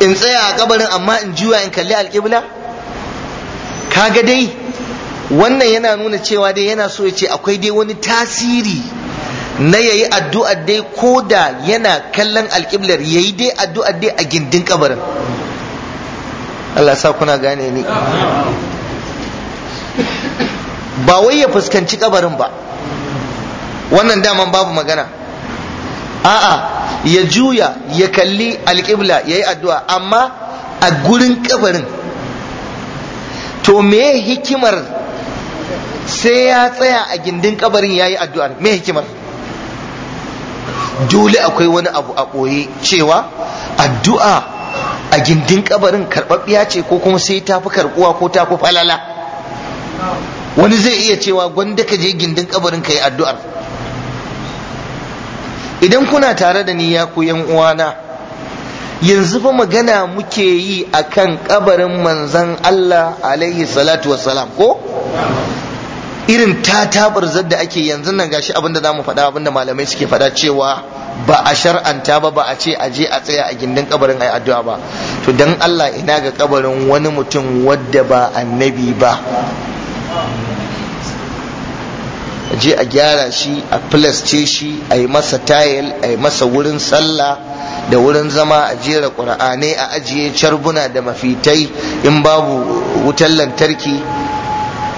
in tsaya a kabarin amma in juya in kalli alƙibla kaga dai wannan yana nuna cewa dai yana so ya ce akwai dai wani tasiri na yayi addu'a dai ko da yana kallon alƙiblar yayi dai addu'a dai a gindin kabarin Allah sa kuna gane ni ba wai ya fuskanci kabarin ba wannan daman babu magana a'a ya juya ya kalli alƙibla ya yi addu'a amma a gurin kabarin to me hikimar sai ya tsaya a gindin kabarin ya yi addu'ar me hikimar dole akwai wani abu a ɓoye cewa addu'a a gindin kabarin karɓaɓɓiya ce ko kuma sai ta fi karɓuwa ko ta fi falala wani zai iya cewa gwanda ka je gindin ƙabarin ka yi addu'ar idan kuna tare da ni ya ku yan uwana yanzu fa magana muke yi akan kabarin manzan Allah alaihi salatu wassalam ko irin ta tatabarzar da ake yanzu nan gashi abinda zamu faɗa abinda malamai suke faɗa cewa ba a shar'anta ba ba a ce a je a tsaya a gindin kabarin ayi addu'a ba to dan Allah ina ga kabarin wani mutum wadda ba annabi ba je a gyara shi a filasce shi a yi masa tayil a yi masa wurin sallah da wurin zama a jera ƙura'anai a ajiye carbuna da mafitai in babu wutar lantarki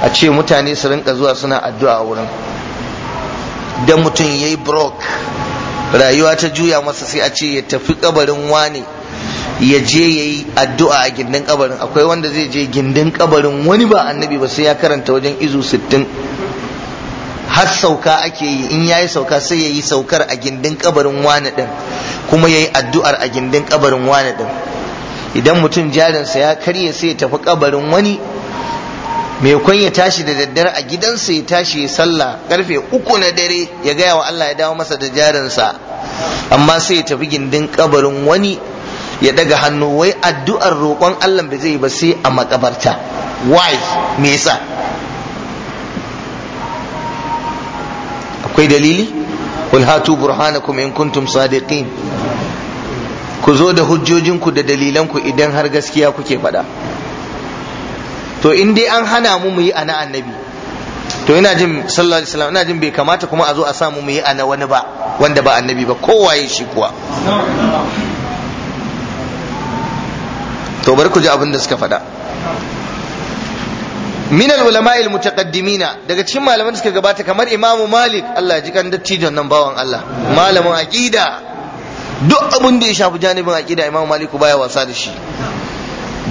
a ce mutane su rinka zuwa suna addu'a a wurin da mutum ya yi brok rayuwa ta juya masa sai a ce ya tafi kabarin wane ya je ya yi addu'a a gindin kabarin akwai wanda zai je gindin kabarin wani ba annabi ba sai ya karanta wajen izu sittin har sauka ake yi in ya yi sauka sai yayi saukar a gindin kabarin wani din kuma yayi addu'ar a gindin kabarin wani din idan mutum jarinsa ya karye sai ya tafi kabarin wani maimakon ya tashi da daddare a gidansa ya tashi ya sallah karfe uku na dare ya gaya wa Allah ya dawo masa da jarinsa amma sai ya tafi gindin kabarin wani ya daga hannu wai addu'ar roƙon Allah ba zai ba sai a makabarta why me yasa akwai dalili wal hatu burhanakum in kuntum sadiqin ku zo da hujjojinku da dalilanku idan har gaskiya kuke faɗa to in dai an hana mu mu yi ana annabi to ina jin sallallahu alaihi wasallam ina jin bai kamata kuma a zo a samu mu yi ana wani ba wanda ba annabi ba kowaye shi kuwa to bari ku ji abin da suka faɗa min al-ulama al daga cikin malaman da suka gabata kamar imamu malik Allah ya ji kan dattijon nan bawan Allah malamin aqida duk abin da ya shafi janibin aqida imamu malik baya wasa da shi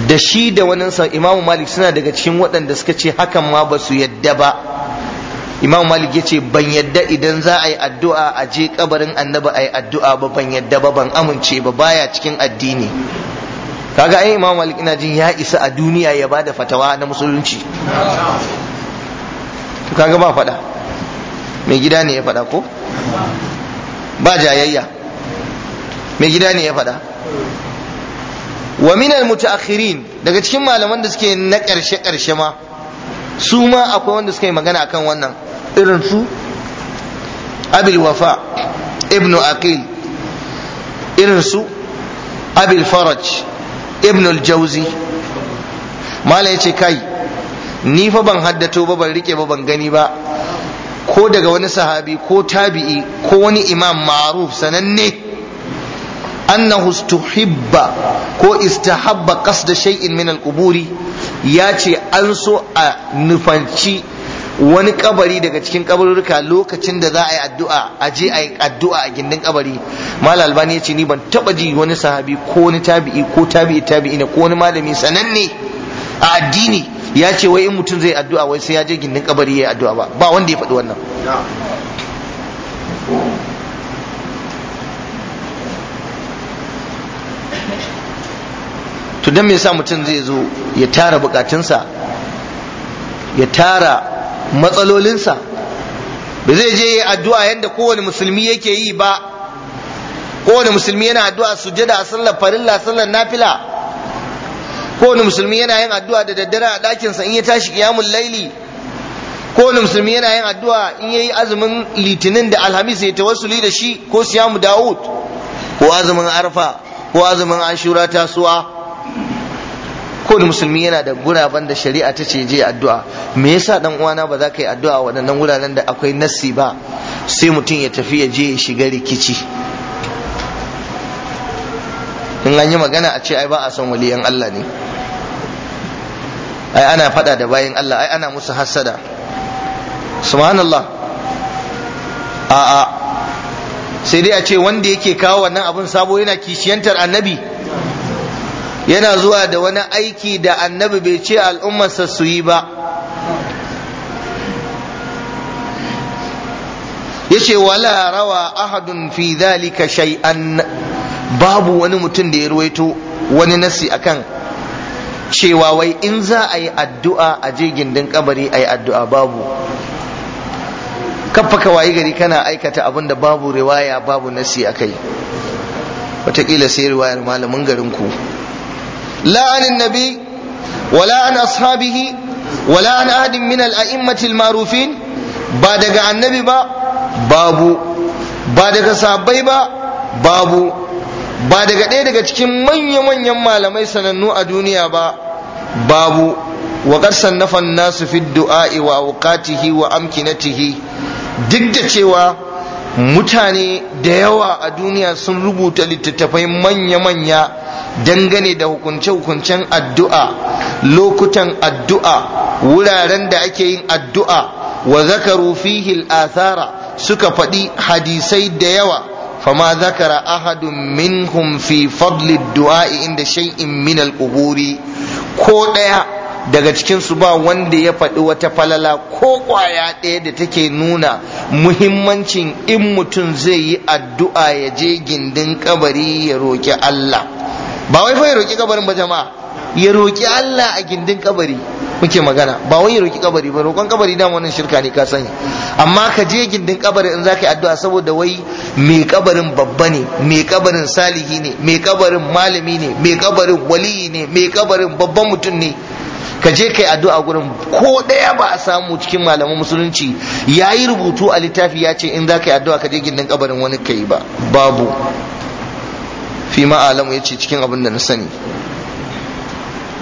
da shi da wannan sa imamu malik suna daga cikin waɗanda suka ce hakan ma ba su yadda ba imamu malik ya ce ban yadda idan za a yi addu'a a je kabarin annabi a yi addu'a ba ban yadda ba ban amince ba baya cikin addini kaga ai imam malik ina jin ya isa a duniya ya bada fatawa na musulunci to kaga ba fada mai gida ne ya fada ko ba jayayya mai gida ne ya fada wa min al mutaakhirin daga cikin malaman da suke na karshe karshe ma su ma akwai wanda suka yi magana akan wannan irin su abil wafa ibnu aqil irin su abil faraj ibnul jauzi mala yace kai ni fa ban haddato ba ban rike ba ban gani ba ko daga wani sahabi ko tabi'i ko wani imam ma'ruf sananne annahu istuhibba ko istahabba qasda shay'in min al-quburi ya ce an so a nufanci wani kabari daga cikin kabarurruka lokacin da za a yi addu'a a je a yi addu'a a gindin kabari Malam albani ya ce ni ban taba ji wani sahabi ko wani tabi'i ko tabi'i tabi'i ko wani malami sananne a addini ya ce wai in mutum zai addu'a wai sai ya je gindin kabari ya yi addu'a ba ba wanda ya faɗi wannan to dan me yasa mutum zai zo ya tara bukatunsa ya tara matsalolinsa ba zai je yi addu'a yadda kowane musulmi yake yi ba kowane musulmi yana addu'a sujada a sallar farilla sallar nafila kowane musulmi yana yin addu'a da daddare a ɗakinsa in ya tashi kiyamun laili kowane musulmi yana yin addu'a in ya yi azumin litinin da alhamis ya tawassuli da shi ko siyamu dawud ko azumin arfa ko azumin ashura tasuwa? kowane musulmi yana da guraben da shari'a ta ce je addu'a me yasa dan uwana ba za ka yi addu'a waɗannan wuraren da akwai nassi ba sai mutum ya tafi ya je ya shiga rikici in an yi magana a ce ai ba a son waliyan Allah ne ai ana fada da bayin Allah ai ana musu hassada subhanallah a'a sai dai a ce wanda yake kawo wannan abin sabo yana kishiyantar annabi yana zuwa da wani aiki da annabi bai ce al'ummarsa su yi ba yace wala rawa ahadun fi dhalika shay'an babu wani mutum da ya ruwaito wani nasi akan cewa wai in za a yi addu'a a je gindin kabari a yi addu'a babu kaffa ka wayi gari kana aikata abin da babu riwaya babu nasi akai wataƙila sai riwayar malamin garinku ku لا عن النبي ولا عن أصحابه ولا عن أحد من الأئمة المعروفين بعد عن النبي با بابو بعد صحابي با بابو ba daga ɗaya daga cikin manya-manyan malamai sanannu a duniya ba babu wa ƙarsan nafan nasu fi du'a'i wa awqatihi na tihi. duk da cewa mutane da yawa a duniya sun rubuta littattafai manya-manya dangane da hukunce-hukuncen addu'a lokutan addu'a wuraren da ake yin addu'a wa zakaru fihi athara suka faɗi hadisai da yawa fama zakara ahadun minhum fi fadli du'a'i inda shay'in min al-quburi ko ɗaya daga cikin su ba wanda ya faɗi wata falala ko ƙwaya ɗaya da take nuna muhimmancin in mutum zai yi addu'a ya je gindin kabari ya roƙi Allah ba wai fa ya roki kabarin ba jama'a ya roki Allah a gindin kabari muke magana ba wai ya roki kabari ba roƙon kabari da wannan shirka ne ka sani amma ka je gindin kabari in zaka yi addu'a saboda wai mai kabarin babba ne mai kabarin salihi ne mai kabarin malami ne mai kabarin waliyi ne mai kabarin babban mutum ne ka je kai addu'a gurin ko ɗaya ba a samu cikin malaman musulunci ya yi rubutu a littafi ya ce in za ka yi addu'a ka je gindin kabarin wani kai ba babu fi ma'alamu ce cikin abin da na sani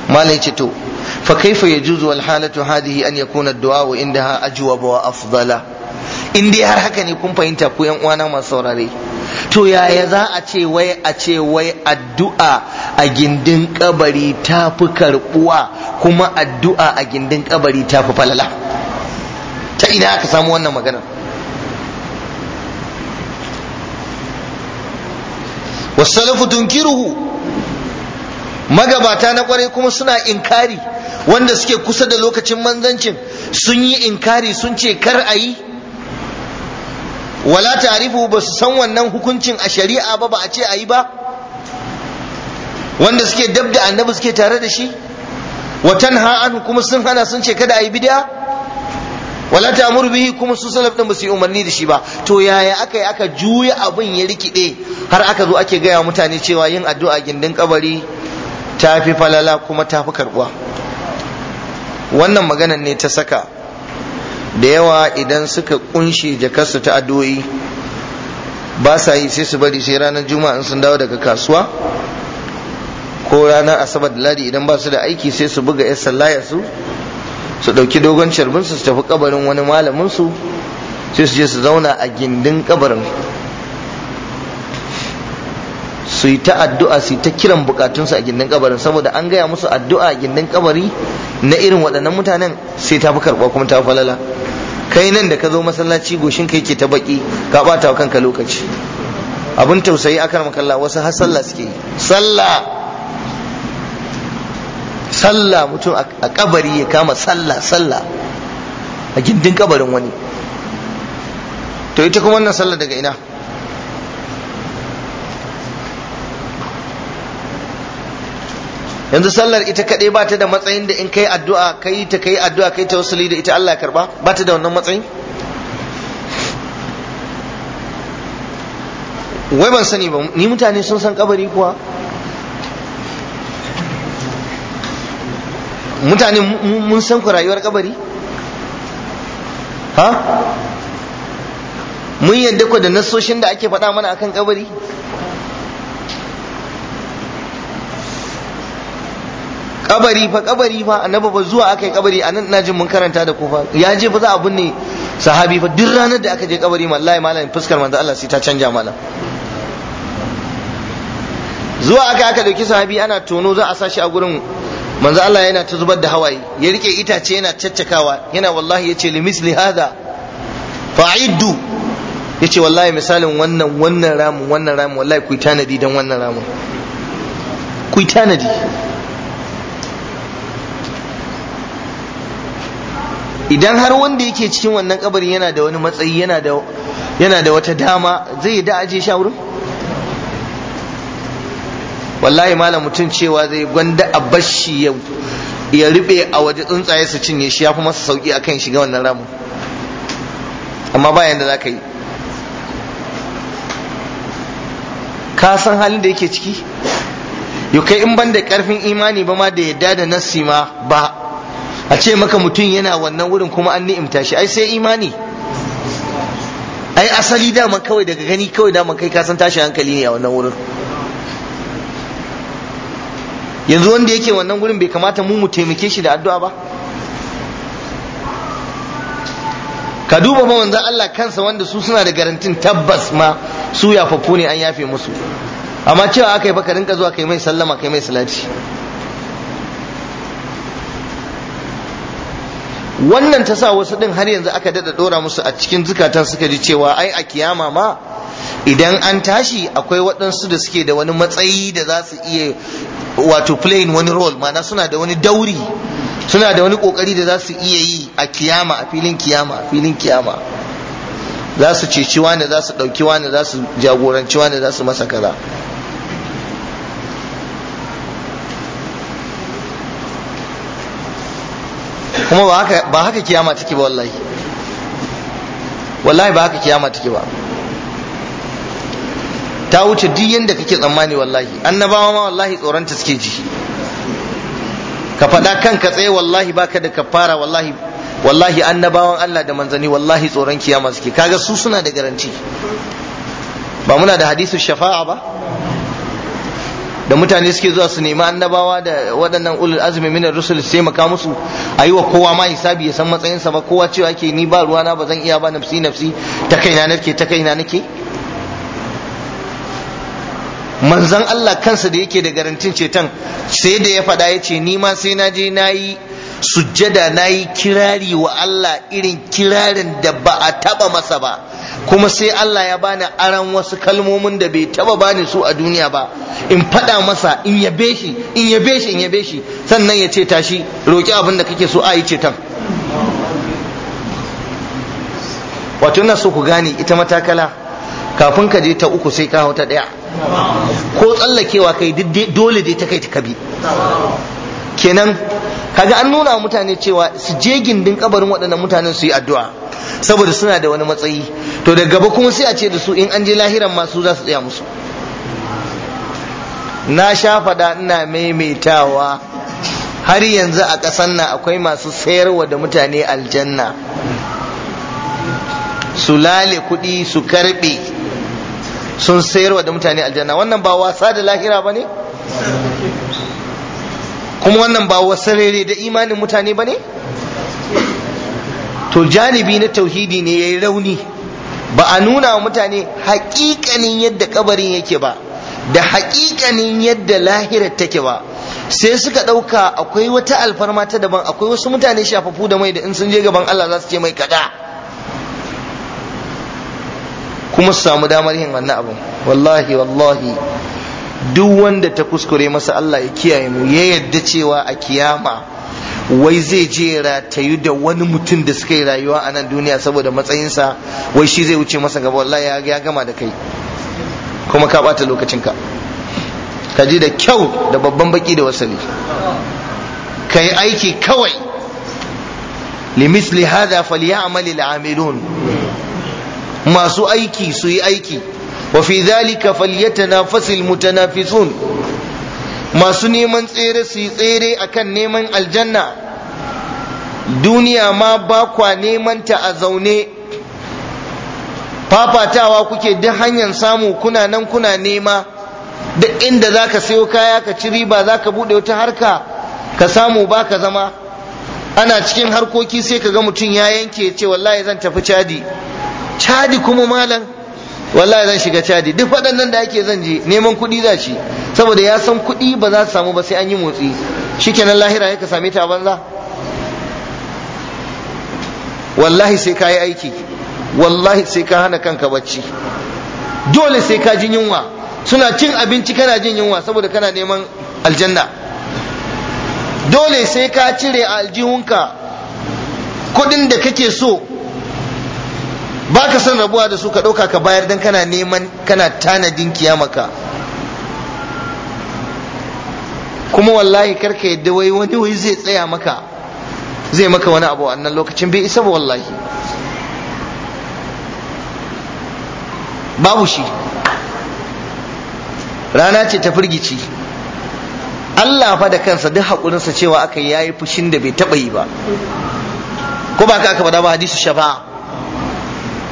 malai ce to fa kaifa yajuzu wal halatu hadihi an yakuna ad wa indaha ajwaba wa afdala in dai har haka ne kun fahimta ku yan uwana masu saurare to yaya za a ce wai a ce wai addu'a a gindin kabari ta fi karbuwa kuma addu'a a gindin kabari ta fi falala ta ina aka samu wannan maganar wasalafu tunkiruhu magabata na kwarai kuma suna inkari wanda suke kusa da lokacin manzancin sun yi inkari sun ce kar a yi wala tarifu ba su san wannan hukuncin a shari'a ba ba a ce a yi ba wanda suke dab annabi suke tare da shi wa tanha kuma sun hana sun ce kada a yi bid'a wala ta amuru bihi kuma su salaf din ba su yi umarni da shi ba to yaya aka yi aka juya abun ya rikide har aka zo ake gaya mutane cewa yin addu'a gindin kabari ta fi falala kuma ta fi karbuwa wannan maganan ne ta saka da yawa idan suka kunshi jakarsu ta addu'o'i ba sa yi sai su bari sai ranar juma'a in sun dawo daga kasuwa ko ranar asabar da ladi idan ba su da aiki sai su buga 'yan sallayar su su ɗauki dogon carbin su tafi kabarin wani malamin su sai su je su zauna a gindin kabarin su yi ta addu'a su yi ta kiran bukatunsu a gindin kabarin saboda an gaya musu addu'a a gindin kabari na irin waɗannan mutanen sai ta fi karɓa kuma ta falala kai nan da ka zo masallaci goshin ka yake ta baki ka ɓata wa kanka lokaci abin tausayi akan makalla wasu har sallah suke yi sallah sallah mutum a kabari ya kama sallah sallah a gindin kabarin wani to ita kuma wannan sallah daga ina yanzu sallar ita kaɗai ba ta da matsayin da in kai addu'a kai ta kai addu'a kai ta wasuli da ita Allah ya karba ba ta da wannan matsayin wai ban sani ba ni mutane sun san kabari kuwa mutane mun san ku rayuwar kabari ha mun yadda ku da nasoshin da ake faɗa mana akan kabari kabari fa kabari fa annaba ba zuwa aka yi kabari a nan jin mun karanta da kofa ya je fa za a binne sahabi fa duk ranar da aka je kabari mallahi malamin fuskar manzo Allah sai ta canja mana zuwa aka aka dauki sahabi ana tono za a sashi a gurin manzo Allah yana ta zubar da hawaye ya rike itace yana caccakawa yana wallahi yace li misli hada fa'iddu yace wallahi misalin wannan wannan ramu wannan ramu wallahi ku tanadi dan wannan ramu ku tanadi idan har wanda yake cikin wannan kabari yana da wani matsayi yana da yana da wata dama zai da aje shawurin wurin wallahi malam mutum cewa zai gwanda a bashi ya ya rube a waje tsuntsaye su cinye shi ya fi masa sauki kan shiga wannan ramu amma ba yanda ka yi ka san halin da yake ciki yau kai in ban da karfin imani ba ma da yadda da nassi ma ba a ce maka mutum yana wannan wurin kuma an ni'imta shi ai sai imani ai asali dama kawai daga gani kawai dama kai ka san tashi hankali ne a wannan wurin yanzu wanda yake wannan gurin bai kamata mu mu taimake shi da addu'a ba ka duba ba wanzan Allah kansa wanda su suna da garantin tabbas ma su yafafu ne an yafe musu amma cewa aka yi baka rinka zuwa kai mai sallama kai mai salati wannan ta sa wasu din har yanzu aka daɗa dora musu a cikin zukatan suka ji cewa ai a kiyama ma idan an tashi akwai waɗansu da suke da wani matsayi da za su iya wato playing wani role mana suna da wani dauri suna da wani kokari da za su iya yi a kiyama a filin kiyama a filin kiyama za su ceci wani za su ɗauki wani za su jagoranci wani za su masa kaza kuma ba haka kiyama take ba wallahi wallahi ba haka kiyama take ba ta wuce duk yanda kake tsammani wallahi annabawa ma wallahi tsoronta suke ji ka faɗa kanka tsaye wallahi baka da kafara wallahi wallahi annabawan Allah da manzani wallahi tsoron kiyama suke kaga su suna da garanti ba muna da hadisu shafa'a ba da mutane suke zuwa su nemi annabawa da waɗannan ulul azumi minar rusul sai maka musu a kowa ma hisabi ya san matsayinsa ba kowa cewa ke ni ba ruwana ba zan iya ba nafsi nafsi ta kaina nake ta kaina nake manzon Allah kansa da yake da garantin ceton sai da ya faɗa ya ce ni sai na je na yi sujjada na yi kirari wa Allah irin kirarin da ba a taba masa ba kuma sai Allah ya bani aran wasu kalmomin da bai taba bani su a duniya ba in faɗa masa in yabe shi in yabe shi in yabe shi sannan ya ce tashi roƙi abin da kake so a yi ceton wato ina so ku gane ita matakala kafin ka je ta uku sai ka hau ta ɗaya ko tsallakewa kai dole dai ta kai ta kabi kenan kaga an nuna wa mutane cewa su je gindin kabarin waɗannan mutanen su yi addu'a saboda suna da wani matsayi to da gaba kuma sai a ce da su in an je lahiran ma su za su tsaya musu na sha faɗa ina maimaitawa har yanzu a ƙasar nan akwai masu sayarwa da mutane aljanna su lale kuɗi su karɓe sun sayarwa da mutane aljanna wannan ba wasa da lahira ba ne kuma wannan ba wasarere da imanin mutane ba ne to janibi na tauhidi ne ya yi rauni ba a nuna wa mutane haƙiƙanin yadda kabarin yake ba da haƙiƙanin yadda lahirar take ba sai suka ɗauka akwai wata alfarma ta daban akwai wasu mutane shafafu da mai da in sun je gaban Allah za su ce mai kada. kuma su samu damar yin wannan abin wallahi wallahi duk wanda ta kuskure masa Allah ya kiyaye mu ya yadda cewa a kiyama wai zai je yi da wani mutum da suka yi rayuwa a nan duniya saboda matsayinsa wai shi zai wuce masa gaba wallahi ya gama da kai kuma ka bata lokacinka ka ji da kyau da babban baki da wasali ka yi aiki kawai limisli faliya amali la'amilun masu aiki su yi aiki wa fi na fasil mutanafisun masu neman tsere su yi tsere akan neman aljanna duniya ma ba kwa neman ta a zaune fafatawa kuke duk hanyar samu kuna nan kuna nema duk inda za ka sayo kaya ka ci riba za ka buɗe wata harka ka samu ba ka zama ana cikin harkoki sai ka ga mutum ya yanke ce wallahi zan tafi cadi cadi kuma malam wallahi zan shiga cadi duk waɗannan da ake zan je neman kuɗi za shi saboda ya san kuɗi ba za su samu ba sai an yi motsi shikenan lahira ya ka same ta a banza wallahi sai ka yi aiki wallahi sai ka hana kanka bacci dole sai ka jin yunwa suna cin abinci kana jin yunwa saboda kana neman aljanna dole sai ka cire a aljihunka kudin da kake so ba ka son rabuwa da su ka ɗauka ka bayar don kana neman kana tanadin kiyamaka kuma wallahi karka yadda wai wani wai zai tsaya maka zai maka wani abu a lokacin bai isa ba wallahi babu shi rana ce ta firgici Allah fa da kansa duk haƙurinsa cewa aka yayi fushin da bai taɓa yi ba ko ba ka aka faɗa ba hadisu shafa'a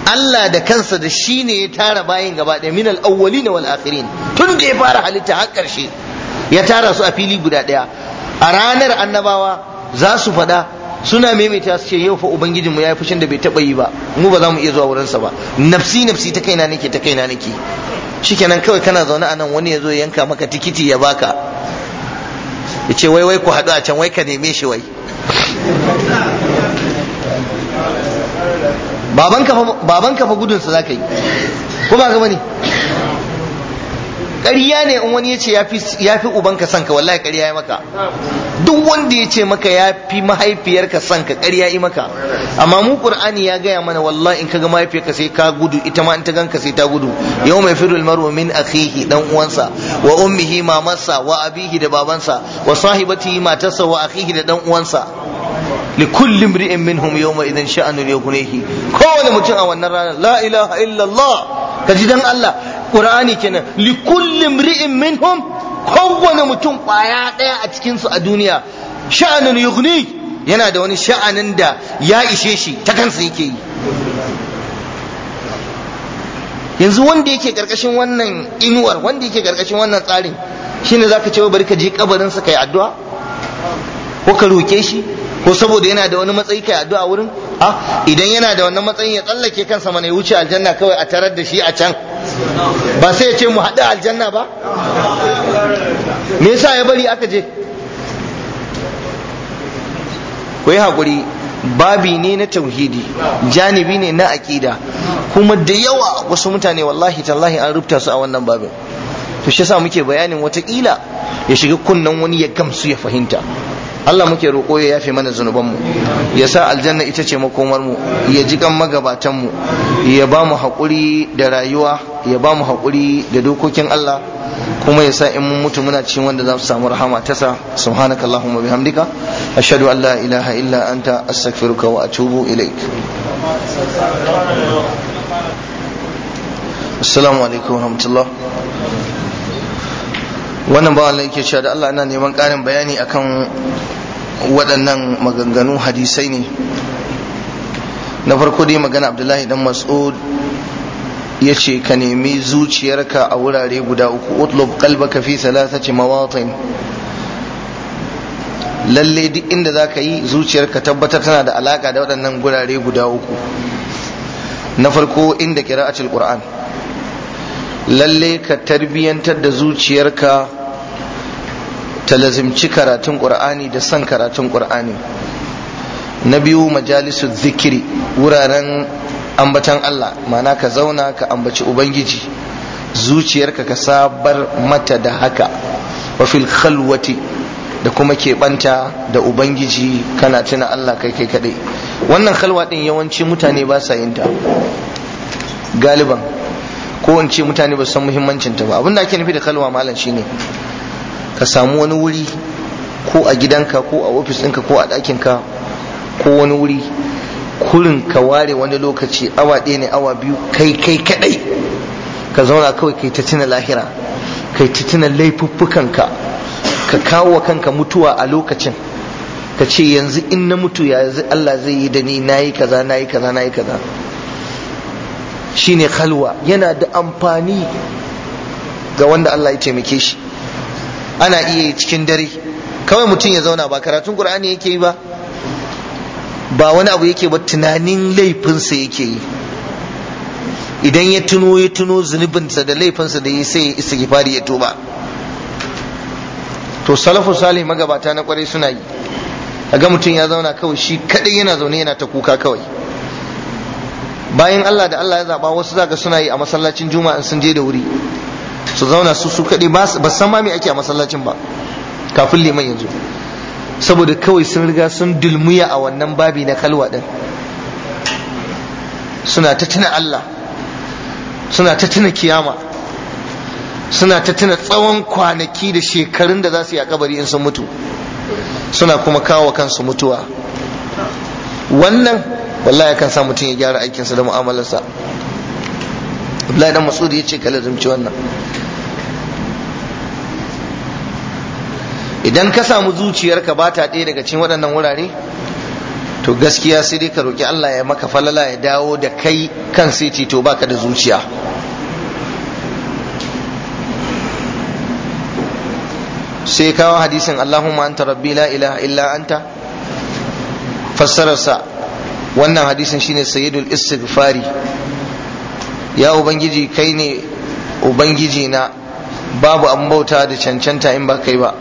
Allah da kansa da shi ne ya tara bayin gaba ɗaya minal na wal akhirin tun da ya fara halitta har ƙarshe ya tara su a fili guda ɗaya a ranar annabawa za su faɗa suna maimaita su ce yau fa ubangijin ya yayi fushin da bai taɓa yi ba mu ba za mu iya zuwa sa ba nafsi nafsi ta kaina nake ta kaina nake shikenan kawai kana zaune a nan wani ya zo ya yanka maka tikiti ya baka ya ce wai wai ku haɗu a can wai ka neme shi wai baban ka fa gudunsa za ka yi ko ba gama ne ƙarya ne in wani ya ce ya fi ubanka sanka wallahi ƙarya ya maka duk wanda ya ce maka ya fi mahaifiyarka sanka ƙarya yi maka amma mu ƙur'ani ya gaya mana wallahi in kaga mahaifiyarka sai ka gudu ita ma in ta ganka sai ta gudu yau mai firul mar'u min akhihi dan uwansa wa ummihi mamarsa wa abihi da babansa wa sahibati matarsa wa akhihi da dan uwansa li kulli imri'in minhum yawma idhin sha'anun yughnihi kowane mutum a wannan ranar la ilaha illallah kaji dan Allah qur'ani kenan li kulli imri'in minhum kowane mutum kwaya ɗaya a cikin su a duniya sha'anun yughni yana da wani sha'anin da ya ishe shi ta kansa yake yi yanzu wanda yake karkashin wannan inuwar wanda yake karkashin wannan tsarin shine zaka ce bari ka je kabarin sa kai addu'a ko ka roke shi ko saboda yana da wani matsayi kai addu'a wurin a idan yana da wannan matsayin ya tsallake kansa mana ya wuce aljanna kawai a tarar da shi a can ba sai ya ce mu haɗu aljanna ba me yasa ya bari aka je ku yi haƙuri babi ne na tauhidi janibi ne na aƙida kuma da yawa wasu mutane wallahi tallahi an rubuta su a wannan babin to shi yasa muke bayanin watakila ya shiga kunnen wani ya gamsu ya fahimta Allah muke roƙo ya yafe mana zunubanmu ya sa aljanna ita ce makomarmu ya ji kan magabatanmu ya ba mu haƙuri da rayuwa ya ba mu haƙuri da dokokin Allah kuma ya sa in mun mutu muna cikin wanda za su samu rahama ta sa bihamdika ashhadu an la ilaha illa anta astaghfiruka wa atubu ilaik assalamu alaikum wa rahmatullah wannan bawan Allah yake cewa da Allah ina neman ƙarin bayani akan waɗannan maganganu hadisai ne na farko dai magana Abdullahi dan Mas'ud ya ce ka nemi zuciyarka a wurare guda uku utlub qalbaka fi thalathati mawatin lalle duk inda za ka yi zuciyarka tabbatar tana da alaka da waɗannan gurare guda uku na farko inda qira'atul qur'an lalle ka tarbiyyantar da zuciyarka ta lazimci karatun ƙur'ani da son karatun ƙur'ani na biyu majalisu zikiri wuraren ambatan Allah mana ka zauna ka ambaci ubangiji zuciyarka ka sabar mata da haka wa fil khalwati da kuma keɓanta da ubangiji kana tuna Allah kai kai kaɗai wannan khalwa ɗin yawanci mutane ba sa yin ta galiban ko in ce mutane ba su san muhimmancin ta ba abinda ake nufi da kalwa malam shine ka samu wani wuri ko a gidanka ko a ofis ɗinka ko a ɗakinka ko wani wuri kurin ka ware wani lokaci awa ɗaya ne awa biyu kai kai kaɗai ka zauna kawai kai ta tuna lahira kai ta tuna laifuffukanka ka kawo wa kanka mutuwa a lokacin ka ce yanzu in na mutu ya Allah zai yi da ni nayi kaza nayi kaza nayi kaza shine khalwa yana da amfani ga wanda Allah ya taimake shi ana iya yi cikin dare kawai mutum ya zauna ba karatun qur'ani yake yi ba ba wani abu yake ba tunanin laifinsa yake yi idan ya tuno ya tuno zunubinsa da laifinsa da ya sai istighfari ya tuba to salafu salih magabata na kwarai suna yi A ga mutum ya zauna kawai shi kadai yana zaune yana ta kuka kawai bayan Allah da Allah ya zaba wasu zaga suna yi a masallacin juma'a sun je da wuri su zauna su su kaɗai ba san ma me ake a masallacin ba kafin liman yanzu saboda kawai sun riga sun dulmuya a wannan babi na kalwa ɗin, suna ta tuna Allah suna ta tuna kiyama suna ta tuna tsawon kwanaki da shekarun da za su yi a kabari in sun mutu suna kuma kawo kansu mutuwa wannan wallahi kan sa mutum ya gyara aikinsa da mu'amalarsa Abdullahi dan Mas'ud ya ce ka wannan idan ka samu zuciyarka ba ta ɗaya daga cikin waɗannan wurare to gaskiya sai dai ka roƙi Allah ya maka falala ya dawo da kai kan sai to baka da zuciya sai kawo hadisin Allahumma anta rabbi la ilaha illa anta fassararsa wannan hadisin shine sayyidul istighfari ya ubangiji kai ne ubangiji na babu an bauta da cancanta in ba kai ba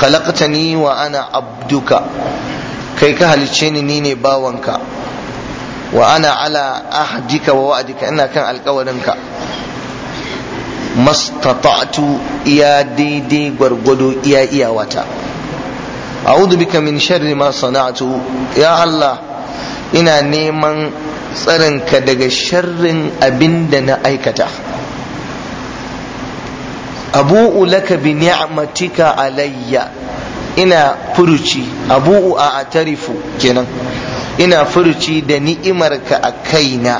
khalaqtani wa ana abduka kai ka halicce ni ni ne bawanka wa ana ala ahdika wa wa'adika ina kan alkawarinka mastata'tu iya daidai gwargwado iya iyawata a'udhu bika min sharri ma sana'tu ya allah ina neman tsarinka daga sharrin abin da na aikata abu'u laka bi ni'matika alayya ina furuci abu'u a atarifu kenan ina furuci da ni'imarka a kaina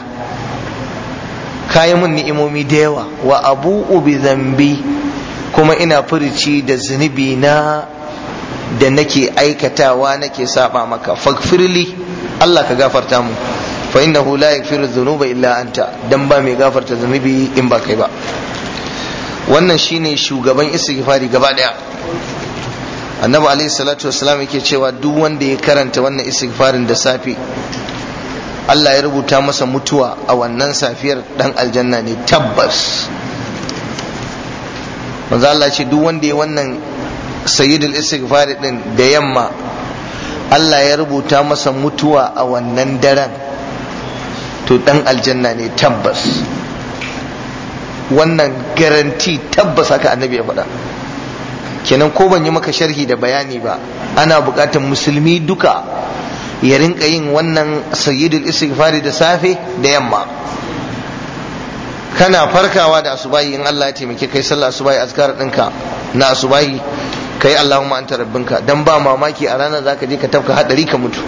kayi mun ni'imomi da yawa wa abu'u bi zambi kuma ina furuci da zunubi na da nake aikatawa nake saba maka fagfirli Allah ka gafarta mu fa innahu la yaghfiru dhunuba illa anta dan ba mai gafarta zunubi in ba kai ba wannan shine shugaban istighfari gaba daya annabi Alayhi salatu wassalam yake cewa duk wanda ya karanta wannan istighfarin da safe Allah ya rubuta masa mutuwa a wannan safiyar dan aljanna ne tabbas manzo Allah ce duk wanda ya wannan sayyidul istighfari din da yamma Allah ya rubuta masa mutuwa a wannan daren to dan aljanna ne tabbas wannan garanti tabbas haka annabi ya faɗa kenan ko ban yi maka sharhi da bayani ba ana buƙatar musulmi duka ya rinka yin wannan sayyidul istighfari da safe da yamma kana farkawa da asubahi in Allah ya taimake kai sallah asubahi azkar ɗinka na asubahi kai Allahumma anta rabbinka dan ba mamaki a ranar zaka je ka tafka hadari ka mutu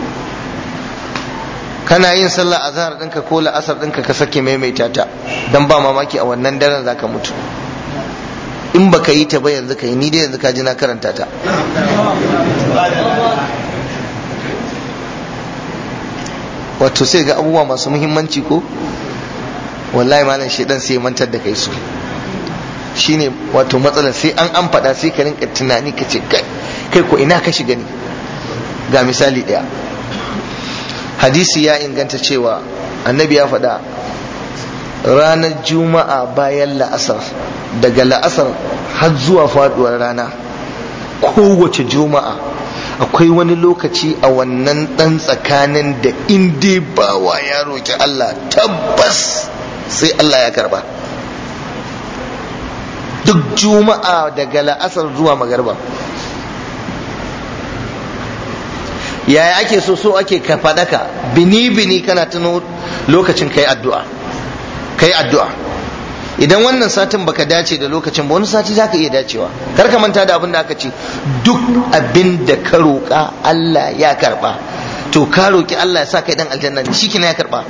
kana yin sallah azhar ɗinka ko la'asar ɗinka ka sake maimaita ta dan ba mamaki a wannan daren zaka mutu in baka yi ta ba yanzu ka yi ni dai yanzu ka ji na karanta ta wato sai ga abubuwa masu muhimmanci ko wallahi malam shedan sai mantar da kai su shine wato matsalar sai an an faɗa sai ka rinka tunani ka ce kai ko ina ka shiga ne ga misali ɗaya hadisi ya inganta cewa annabi ya faɗa ranar juma'a bayan la'asar daga la'asar har zuwa faɗuwar rana kowace juma'a akwai wani lokaci a wannan ɗan tsakanin da in dai wa ya roki Allah tabbas sai Allah ya karba duk juma'a daga la'asar zuwa magarba yaya ake so so ake ka fadaka bini bini kana tuno lokacin kai addu'a kai addu'a idan wannan satin baka dace da lokacin ba wani sati zaka iya dacewa kar ka manta da abin da aka ce duk abin da ka roƙa Allah ya karba to ka roƙi Allah ya sa kai dan aljanna shi kina ya karba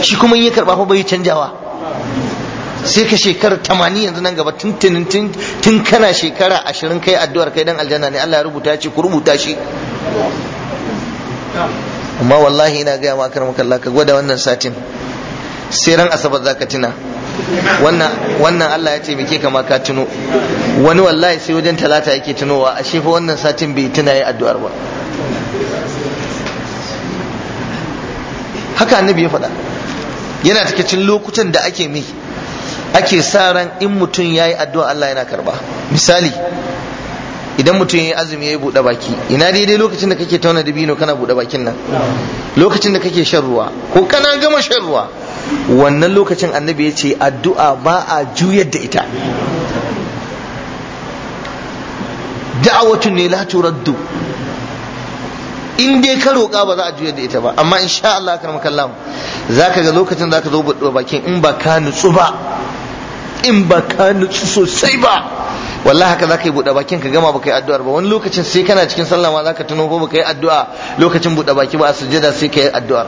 shi kuma in ya karba fa bai canjawa sai ka shekara tamani yanzu nan gaba tuntunin tun kana shekara ashirin kai addu'ar kai dan aljanna ne Allah ya rubuta ce ku rubuta shi amma wallahi ina gaya ma karamaka Allah ka gwada wannan satin sai ran asabar zaka tuna wannan wannan Allah ya ce me ke kama ka tuno wani wallahi sai wajen talata yake tunowa ashe fa wannan satin bai tuna yi addu'ar ba haka annabi ya faɗa yana cikin lokutan da ake mai ake sa ran in mutum ya yi addu'a Allah yana karba misali idan mutum ya yi azumi ya yi buɗe baki ina daidai lokacin da kake tauna dabino kana buɗe bakin nan lokacin da kake shan ruwa ko kana gama shan ruwa wannan lokacin annabi ya ce addu'a ba a juyar da ita da'awatun ne la turaddu in dai ka roƙa ba za a juyar da ita ba amma insha Allah karmakallahu zaka ga lokacin zaka zo buɗe bakin in ba ka nutsu ba in ba ka nutsu sosai ba wallahi haka zaka yi buɗe bakin ka gama baka yi addu'ar ba wani lokacin sai kana cikin sallah ma zaka tuno ko baka yi addu'a lokacin buɗe baki ba a sujjada sai ka yi addu'ar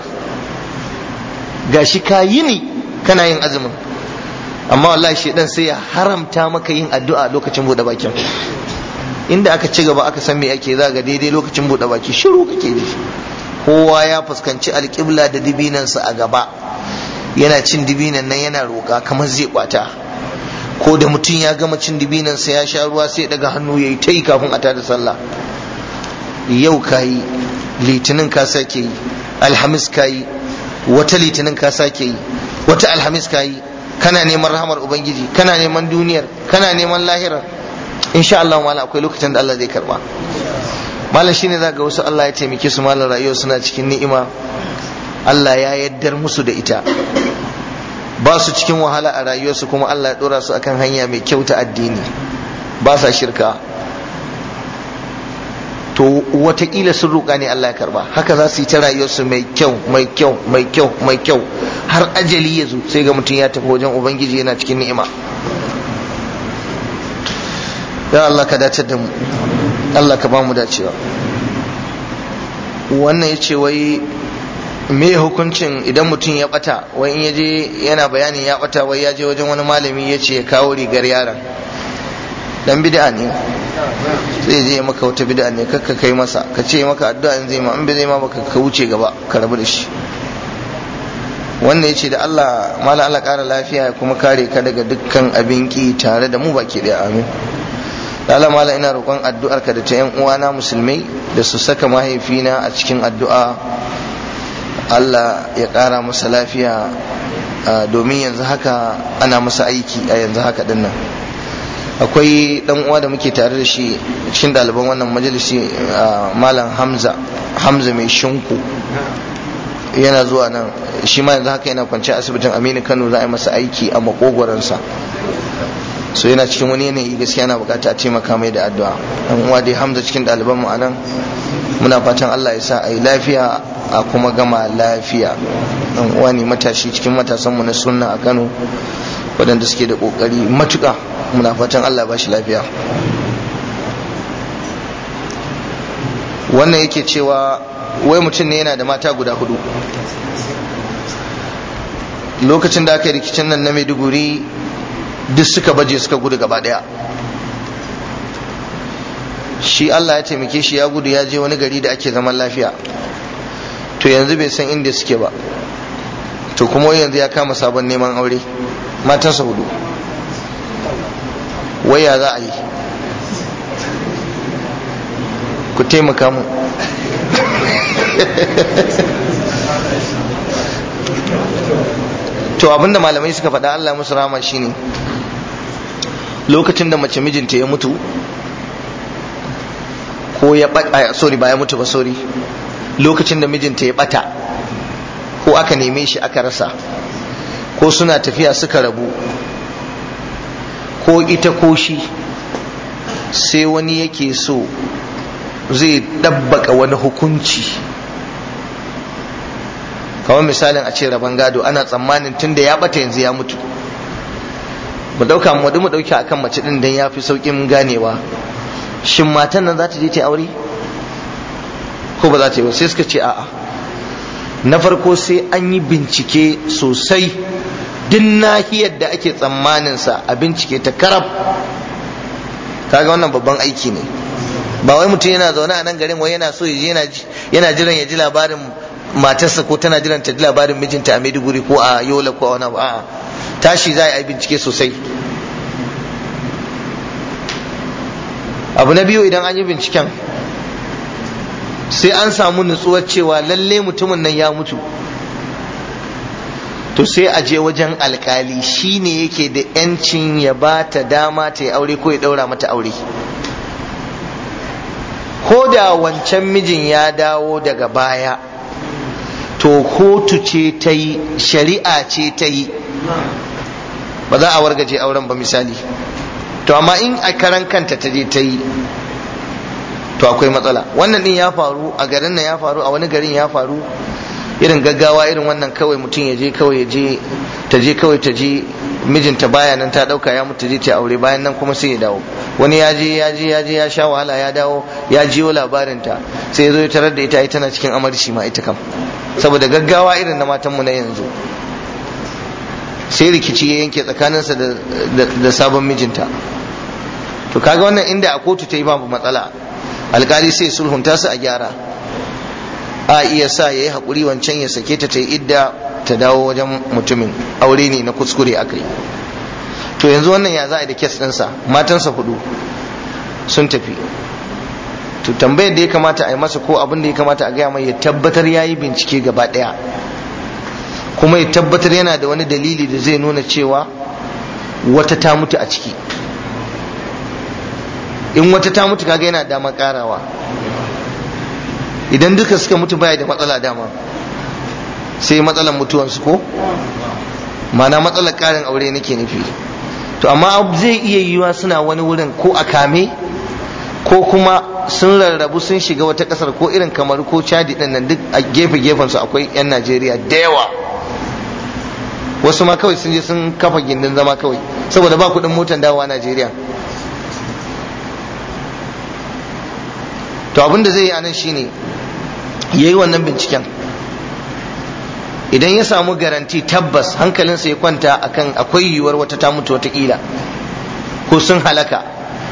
gashi ka yi ni kana yin azumin amma wallahi shedan sai ya haramta maka yin addu'a lokacin buɗe bakin inda aka ci gaba aka san me ake za ga daidai lokacin buɗe baki shiru kake da shi kowa ya fuskanci alƙibla da dibinansa a gaba yana cin dibinan nan yana roƙa kamar zai kwata ko da mutum ya gama cin dibinan sa ya sha ruwa sai daga hannu yayi tai kafin a tada sallah yau yi, litinin ka sake yi alhamis yi, wata litinin ka sake yi wata alhamis kayi kana neman rahamar ubangiji kana neman duniyar kana neman lahirar insha Allah mala akwai lokacin da Allah zai karba mala shine zaka wasu Allah ya taimake su mala rayuwa suna cikin ni'ima Allah ya yaddar musu da ita ba su cikin wahala a rayuwarsu kuma Allah ya dora su akan hanya mai kyau ta addini ba sa shirka to wataƙila sun roƙa ne Allah ya karba haka za su yi ta rayuwarsu mai kyau mai kyau mai kyau mai kyau har ajali ya zo sai ga mutum ya tafi wajen ubangiji yana cikin ni'ima ya Allah ka dace da mu Allah ka ba mu dacewa wannan ya ce wai me hukuncin idan mutum ya bata wai in yaje yana bayanin ya bata wai ya je wajen wani malami ya ce ya kawo rigar yaron dan bid'a ne zai je maka wata bid'a ne kakka kai masa ka ce maka addu'a in zai ma in bai zai ma baka ka wuce gaba ka rabu da shi wannan yace da Allah mala Allah kara lafiya ya kuma kare ka daga dukkan abin ki tare da mu baki daya amin Allah mala ina roƙon addu'arka da ta yan uwana musulmai da su saka mahaifina a cikin addu'a Allah ya ƙara masa lafiya domin yanzu haka ana masa aiki a yanzu haka dinnan akwai dan uwa da muke tare da shi cikin ɗaliban wannan majalisi malam hamza hamza mai shinku yana zuwa nan shi ma yanzu haka yana kwance asibitin aminu kano za a yi masa aiki a makogoransa so yana cikin wani yanayi gaskiya yana bukata a taimaka mai da addu'a dan uwa dai hamza cikin ɗaliban mu a nan muna fatan Allah ya sa a yi lafiya a kuma gama lafiya dan uwa ne matashi cikin matasanmu na sunna a Kano wadanda suke da kokari matuƙa muna fatan Allah ya bashi lafiya wannan yake cewa wai mutum ne yana da mata guda hudu lokacin da aka yi rikicin nan na maiduguri duk suka baje suka gudu gaba ɗaya shi Allah ya taimake shi ya gudu ya je wani gari da ake zaman lafiya to yanzu bai san inda suke ba to kuma yanzu ya kama sabon neman aure matansa hudu waya za a yi ku taimaka mu to abinda malamai suka faɗa Allah musu rama shine lokacin da mace mijinta ya mutu ko ya bata sorry ba ya mutu ba sorry lokacin da mijinta ya bata ko aka neme shi aka rasa ko suna tafiya suka rabu ko ita ko shi sai wani yake so zai dabbaka wani hukunci kamar misalin a ce rabon gado ana tsammanin tun da ya bata yanzu ya mutu mu dauka mu mu a akan mace din dan yafi saukin ganewa shin matan nan za ta je ta aure ko ba za ta yi ba sai suka ce a'a na farko sai an yi bincike sosai din nahiyar da ake tsammanin sa a bincike ta karab kaga wannan babban aiki ne ba wai mutum yana zaune a nan garin wai yana so yana yana jiran ya ji labarin matarsa ko tana jiran ta ji labarin mijinta a Maiduguri ko a Yola ko a wani a'a tashi za a yi bincike sosai abu na biyu idan an yi binciken sai an samu nutsuwar cewa lalle mutumin nan ya mutu to sai a je wajen alkali shi ne yake da yancin ya ba ta dama ta yi aure ko ya daura mata aure ko da wancan mijin ya dawo daga baya to kotu ce ta yi shari'a ce ta yi ba za a wargaje auren ba misali to amma in a karan kanta ta je ta yi to akwai matsala wannan din ya faru a garin nan ya faru a wani garin ya faru irin gaggawa irin wannan kawai mutum ya je kawai ya je ta je kawai ta je mijinta baya nan ta dauka ya mutu je ta aure bayan nan kuma sai ya dawo wani ya je ya je ya je ya sha wahala ya dawo ya jiyo labarin ta sai ya zo ya tarar da ita ai tana cikin amarci ma ita kam saboda gaggawa irin na matan mu na yanzu sai rikici ya yanke tsakaninsa da sabon mijinta to kaga wannan inda a kotu ta yi babu matsala alkali sai sulhunta su a gyara a iya sa ya yi haƙuri wancan ya sake ta ta yi idda ta dawo wajen mutumin aure ne na kuskure a kai. to yanzu wannan ya za a yi da kes ɗinsa matansa hudu sun tafi to tambayar da ya kamata a yi masa ko abin da ya kamata a gaya mai ya tabbatar ya yi bincike gaba ɗaya kuma ya tabbatar yana da wani dalili da zai nuna cewa wata ta mutu a ciki in wata ta mutu kaga yana dama karawa idan duka suka mutu baya da matsala dama sai matsalar mutuwansu ko mana matsalar karin aure nake nufi to amma zai iya yiwa suna wani wurin ko a kame ko kuma sun rarrabu sun shiga wata kasar ko irin kamar ko chadi din nan duk a gefe gefen su akwai yan najeriya da yawa wasu ma kawai sun je sun kafa gindin zama kawai saboda ba kuɗin motar dawowa najeriya to abin da zai yi anan shine ya yi wannan binciken idan ya samu garanti tabbas hankalinsa ya kwanta akan akwai yiwuwar wata ta mutu watakila ko sun halaka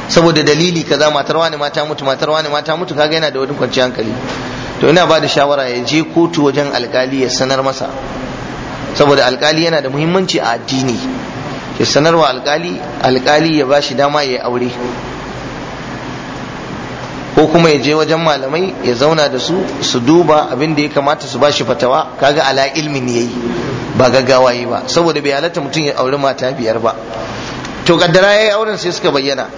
saboda dalili kaza matar wani ma ta mutu matar wani ma ta mutu kaga yana da wani kwanciyar hankali to ina bada shawara ya je kotu wajen alkali ya sanar masa saboda alkali yana da muhimmanci a addini ya sanarwa alkali alkali ya ba shi dama ya yi aure ko kuma ya je wajen malamai ya zauna da su su duba abin da ya kamata su bashi fatawa kaga ala ilmin yayi ba gaggawa yi ba saboda bai halatta mutum ya auri mata biyar ba to kaddara yayi auren sai suka bayyana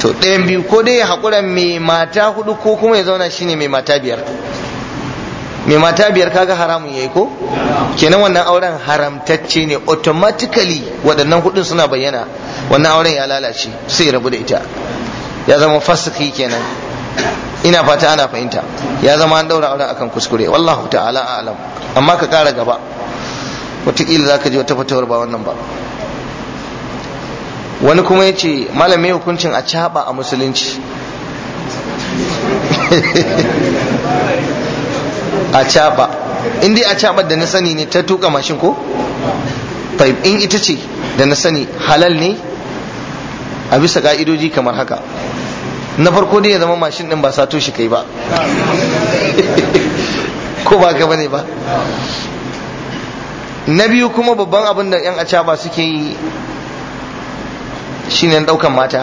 to ɗayan biyu ko dai ya haƙura mai mata hudu ko kuma ya zauna shine mai mata biyar mai mata biyar kaga haramun yayi ko kenan wannan auren haramtacce ne automatically waɗannan hudun suna bayyana wannan auren ya lalace sai rabu da ita ya zama fasiki kenan ina fata ana fahimta ya zama an daura auren akan kuskure wallahu ta'ala alam amma ka kara gaba wataƙila za ka ji wata fatawar ba wannan ba wani kuma ya ce malamai hukuncin a caɓa a musulunci acaba in dai acaba da na sani ne ta tuka mashin ko in ita ce da na sani halal ne a bisa ka'idoji kamar haka na farko dai ya zama mashin din ba sato shi kai ba ko ba gaba ne ba na biyu kuma babban abin da 'yan acaba suke yi shine daukan mata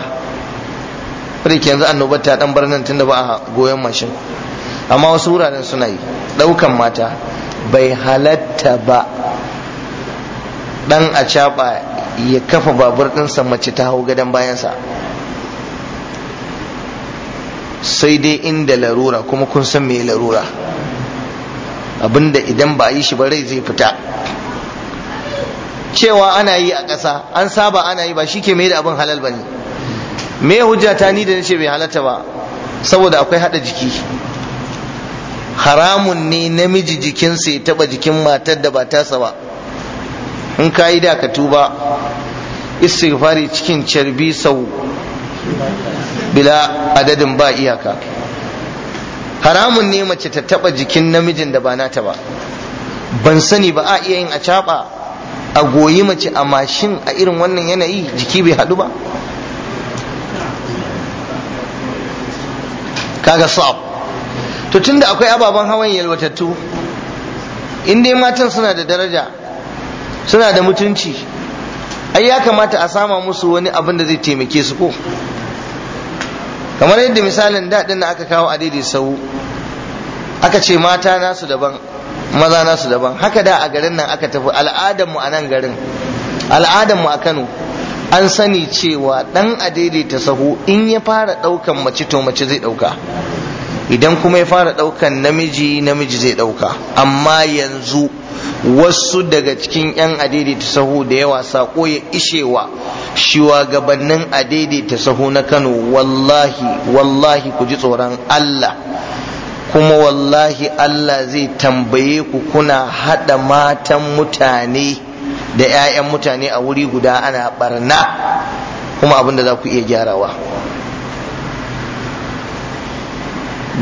wadda ke yanzu annobar ta dan barnan tunda ba a goyon mashin amma wasu wuraren suna yi ɗaukan mata bai halatta ba ɗan a ya kafa babur ɗinsa mace ta hau gadon bayansa sai dai inda larura kuma kun san me larura abinda idan ba yi shi ba rai zai fita cewa ana yi a ƙasa an saba ana yi ba shi ke mai da abin halal ba ne me hujjata ni da nace bai halatta ba saboda akwai haɗa jiki haramun ne namiji jikinsa ya taba jikin matar da ba tasa ba in ka yi da ka tuba istighfari cikin carbi sau bila adadin ba iyaka haramun ne mace ta taba jikin namijin da ba nata ba ban sani ba a iya yin a caba a goyi mace a mashin a irin wannan yanayi jiki bai hadu ba kaga sa'ab to tun da akwai ababen hawan yalwatattu in dai matan suna da daraja suna da mutunci ai ya kamata a sama musu wani abin da zai taimake su ko kamar yadda misalin daɗin da aka kawo a daidai sau aka ce mata nasu daban maza nasu daban haka da a garin nan aka tafi al'adanmu a nan garin al'adanmu a kano an sani cewa ɗan a daidaita sahu in ya fara ɗaukan mace to mace zai ɗauka idan kuma ya fara ɗaukan namiji namiji zai ɗauka amma yanzu wasu daga cikin 'yan adaidaita sahu da yawa sako ya ishewa shugabannin adaidaita sahu na kano wallahi wallahi ku ji tsoron allah kuma wallahi allah zai tambaye ku kuna haɗa matan mutane da 'ya'yan mutane a wuri guda ana barna kuma abinda za ku iya gyarawa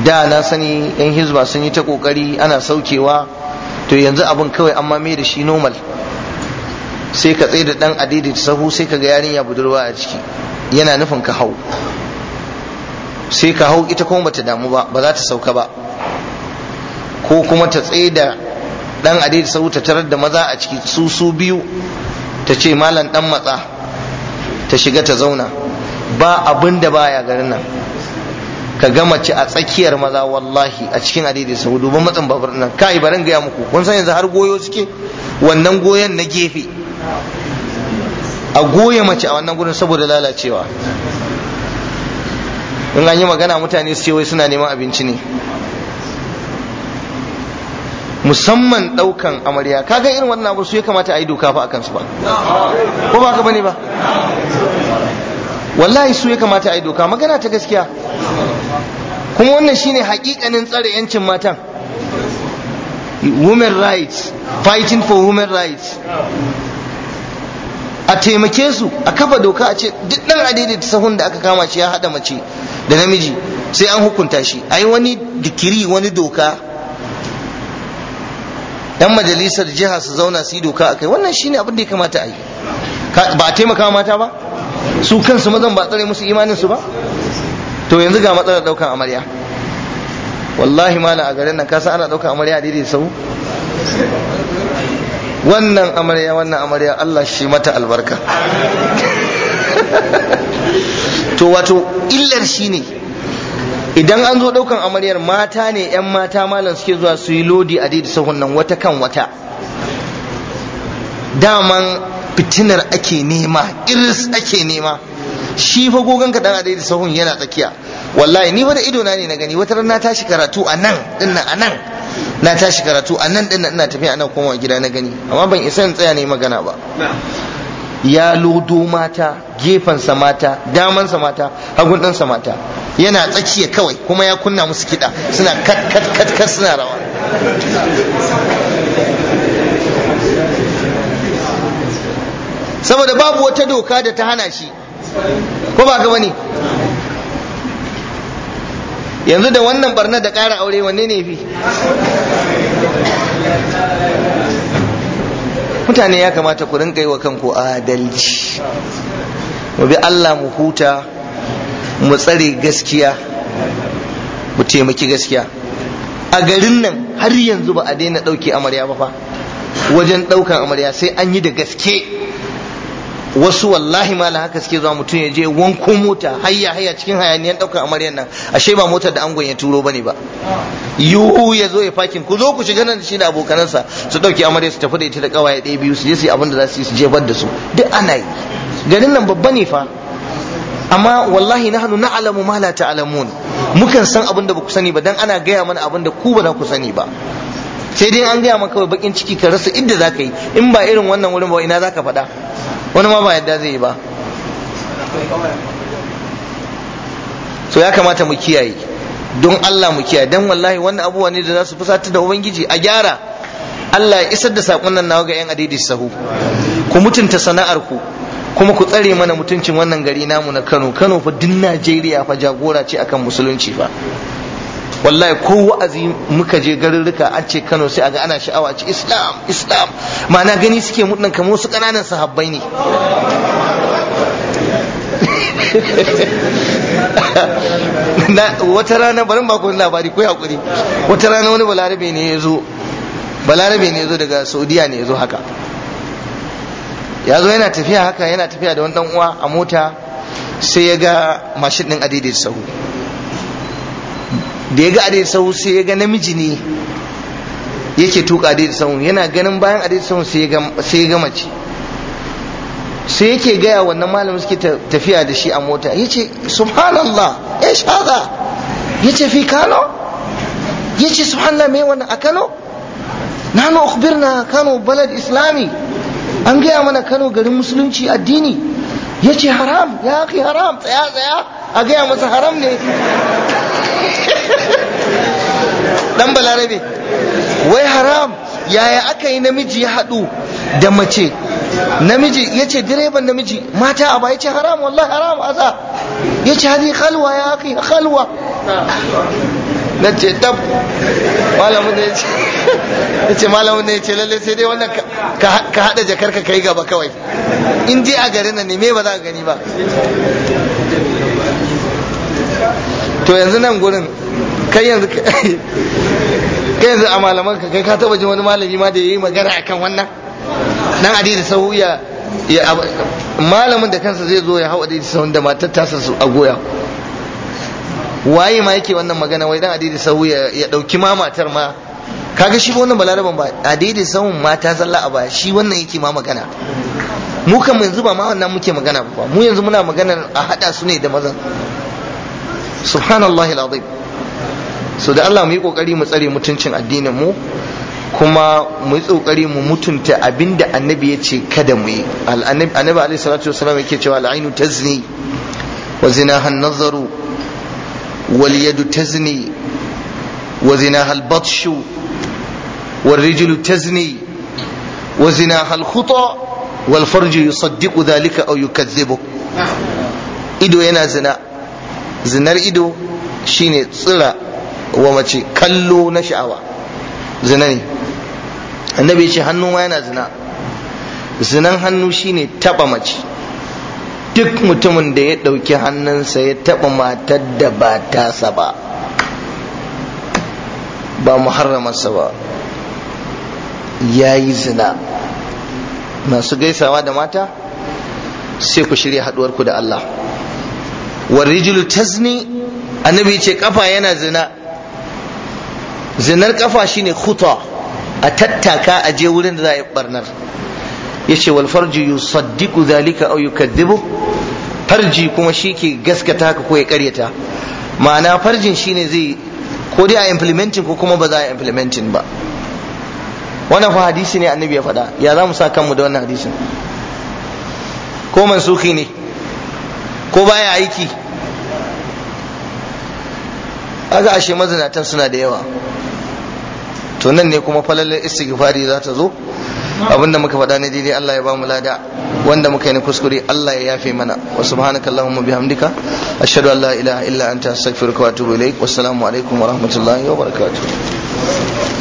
da na sani yan hizba sun yi ta kokari ana saukewa to yanzu abin kawai an mai da shi normal sai ka tsaye da dan adidi sahu sai ka ga yarinya budurwa a ciki yana nufin ka hau sai ka hau ita kuma bata damu ba ba za ta sauka ba ko kuma ta tsaye da dan adidi sahu ta tarar da maza a ciki su su biyu ta ce malam dan matsa ta shiga ta zauna ba abin da baya garin nan ka ga mace a tsakiyar maza wallahi a cikin adidai sau duban matsin babur nan kai barin gaya muku kun san yanzu har goyo suke wannan goyon na gefe a goye mace a wannan gurin saboda lalacewa in an yi magana mutane su ce wai suna neman abinci ne musamman daukan amarya kaga irin wannan abu su ya kamata a yi doka fa akan su ba ko ba ka bane ba wallahi su ya kamata a yi doka magana ta gaskiya kuma wannan shine hakikanin tsare yancin matan women rights fighting for women rights a taimake su a kafa doka a ce duk dan adaidaita sahun da aka kama shi ya hada mace da namiji sai an hukunta shi a yi wani dikiri wani doka yan majalisar jiha su zauna su yi doka a kai wannan shine abin da ya kamata a yi ba a taimaka mata ba su kansu mazan ba tsare musu imanin su ba to yanzu ga matsalar daukan amarya wallahi malam a garin nan ka ana daukan amarya a daidai sau wannan amarya wannan amarya Allah shi mata albarka to wato illar shi ne idan an zo daukan amaryar mata ne 'yan mata malam suke zuwa su yi lodi a daidai sahun nan wata kan wata daman fitinar ake nema iris ake nema shi fa gogon ka dan adai da sahun yana tsakiya wallahi ni fa da ido na ne na gani wata rana na tashi karatu a nan dinnan a nan na tashi karatu a nan dinnan ina tafiya ana komawa gida na gani amma ban isa in tsaya ne magana ba ya ludo mata sa mata daman sa mata hagun sa mata yana tsakiya kawai kuma ya kunna musu kiɗa suna kat kat kat kat suna rawa saboda babu wata doka da ta hana shi ko ba ka bane yanzu da wannan barna da kara aure wanne ne fi mutane ya kamata ku rinka yi wa kanku adalci mu bi Allah mu huta mu tsare gaskiya mu taimaki gaskiya a garin nan har yanzu ba a daina ɗauke amarya ba fa wajen ɗaukan amarya sai an yi da gaske wasu wallahi ma haka suke zuwa mutum ya je wanko mota hayya hayya cikin hayaniyan daukar amaryar nan ashe ba motar da angon ya turo bane ba yuhu ya zo ya fakin ku zo ku shiga nan da shi da abokanansa su dauki amaryar su tafi da ita da kawaye ɗaya biyu su je su yi abin da za su yi su jefar da su duk ana yi garin nan babba ne fa amma wallahi na hannu na alamu ma la ta'lamun mukan san abin da ba ku sani ba dan ana gaya mana abin da ku ba za ku sani ba sai dai an gaya maka bakin ciki ka rasa inda za ka yi in ba irin wannan wurin ba ina za ka faɗa wani ma ba yadda zai yi ba so ya kamata mu kiyaye don Allah mu kiyaye don wallahi wannan abubuwa ne da za su fusata da ubangiji a gyara Allah ya isar da sakon nan nawa ga yan adidi sahu ku mutunta sana'ar ku kuma ku tsare mana mutuncin wannan gari namu na Kano Kano fa din Najeriya fa jagora ce akan musulunci fa wallahi ko wa'azi muka je garuruka an ce Kano sai aga ana sha'awa ci Islam Islam ma'ana gani suke mutunan kamar wasu kananan sahabbai ne wata rana barin ba labari ko hakuri wata rana wani balarabe ne ya zo balarabe ne ya zo daga saudiya ne ya zo haka ya zo yana tafiya haka yana tafiya da wani dan uwa a mota sai ya ga mashin din adidas sahu da ya ga adai sahu sai ya ga namiji ne yake tuka adai sahu yana ganin bayan adai sahu sai ya ga mace sai yake gaya wannan malamin suke tafiya da shi a mota ya ce subhanallah ya shaza ya ce fi kano ya ce subhanallah mai wannan a kano Na nanu ukhbirna kano balad islami an gaya mana kano garin musulunci addini ya ce haram ya haram tsaya tsaya a gaya masa haram ne dan balarabe wai haram yaya aka yi namiji ya haɗu da mace namiji ya ce direban namiji mata a baya ce haram wallahi haram aza ya ce hadi halwa ya aka yi halwa na ce tab malamin da ya ce malamin da ya ce lalle sai dai wannan ka haɗa jakar ka kai gaba kawai in je a garin nan ne me ba za ka gani ba to yanzu nan gurin kai yanzu kai yanzu a malaman ka kai ka taba jin wani malami ma da yayi magana akan wannan dan hadisi sahu ya malamin da kansa zai zo ya hau adi da sahun da matar tasa su a goya waye ma yake wannan magana wai dan hadisi sahu ya dauki ma matar ma kaga shi wannan balaraban ba hadisi sahu mata zalla a ba shi wannan yake ma magana mu kan yanzu ba ma wannan muke magana ba mu yanzu muna magana a hada su ne da mazan subhanallahi alazim so da Allah mu yi kokari mu tsare mutuncin addinin mu kuma mu yi tsokari mu mutunta abinda annabi ya ce kada mu yi annabi alaihi salatu wasallam yake cewa al'ainu tazni wa zinaha nazaru wal yadu tazni wa zinaha al batshu wal rijlu tazni wa zinaha al khuta wal farju yusaddiqu dhalika aw yukadhibu ido yana zina zinar ido shine tsira wa mace kallo na sha'awa zina ne annabi ce hannu ma yana zina zinan hannu shine taba mace duk mutumin da ya ɗauki hannunsa ya taba matar da ba tasa ba ba muharramarsa ba ya yi zina masu gaisawa da mata sai ku shirya ku da Allah warijilu tazni annabi ce kafa yana zina zinar kafa shine khuta a tattaka a je wurin da za a yi barnar yace wal farji yusaddiqu zalika aw yukaddibu farji kuma shi ke gaskata ka ko ya karyata ma'ana farjin shine zai ko dai a implementing ko kuma ba za a implementing ba wannan fa hadisi ne annabi ya faɗa ya za mu sa kanmu da wannan hadisin ko mansuki ne ko baya aiki kaga ashe mazinatan suna da yawa to nan ne kuma falalar istighfari za ta zo abinda muka faɗa ne daidai Allah ya bamu lada wanda muka yi kuskure Allah ya yafe mana wa subhanaka allahumma bihamdika ashhadu an la ilaha illa anta astaghfiruka wa atubu ilaik wassalamu alaikum wa rahmatullahi wa barakatuh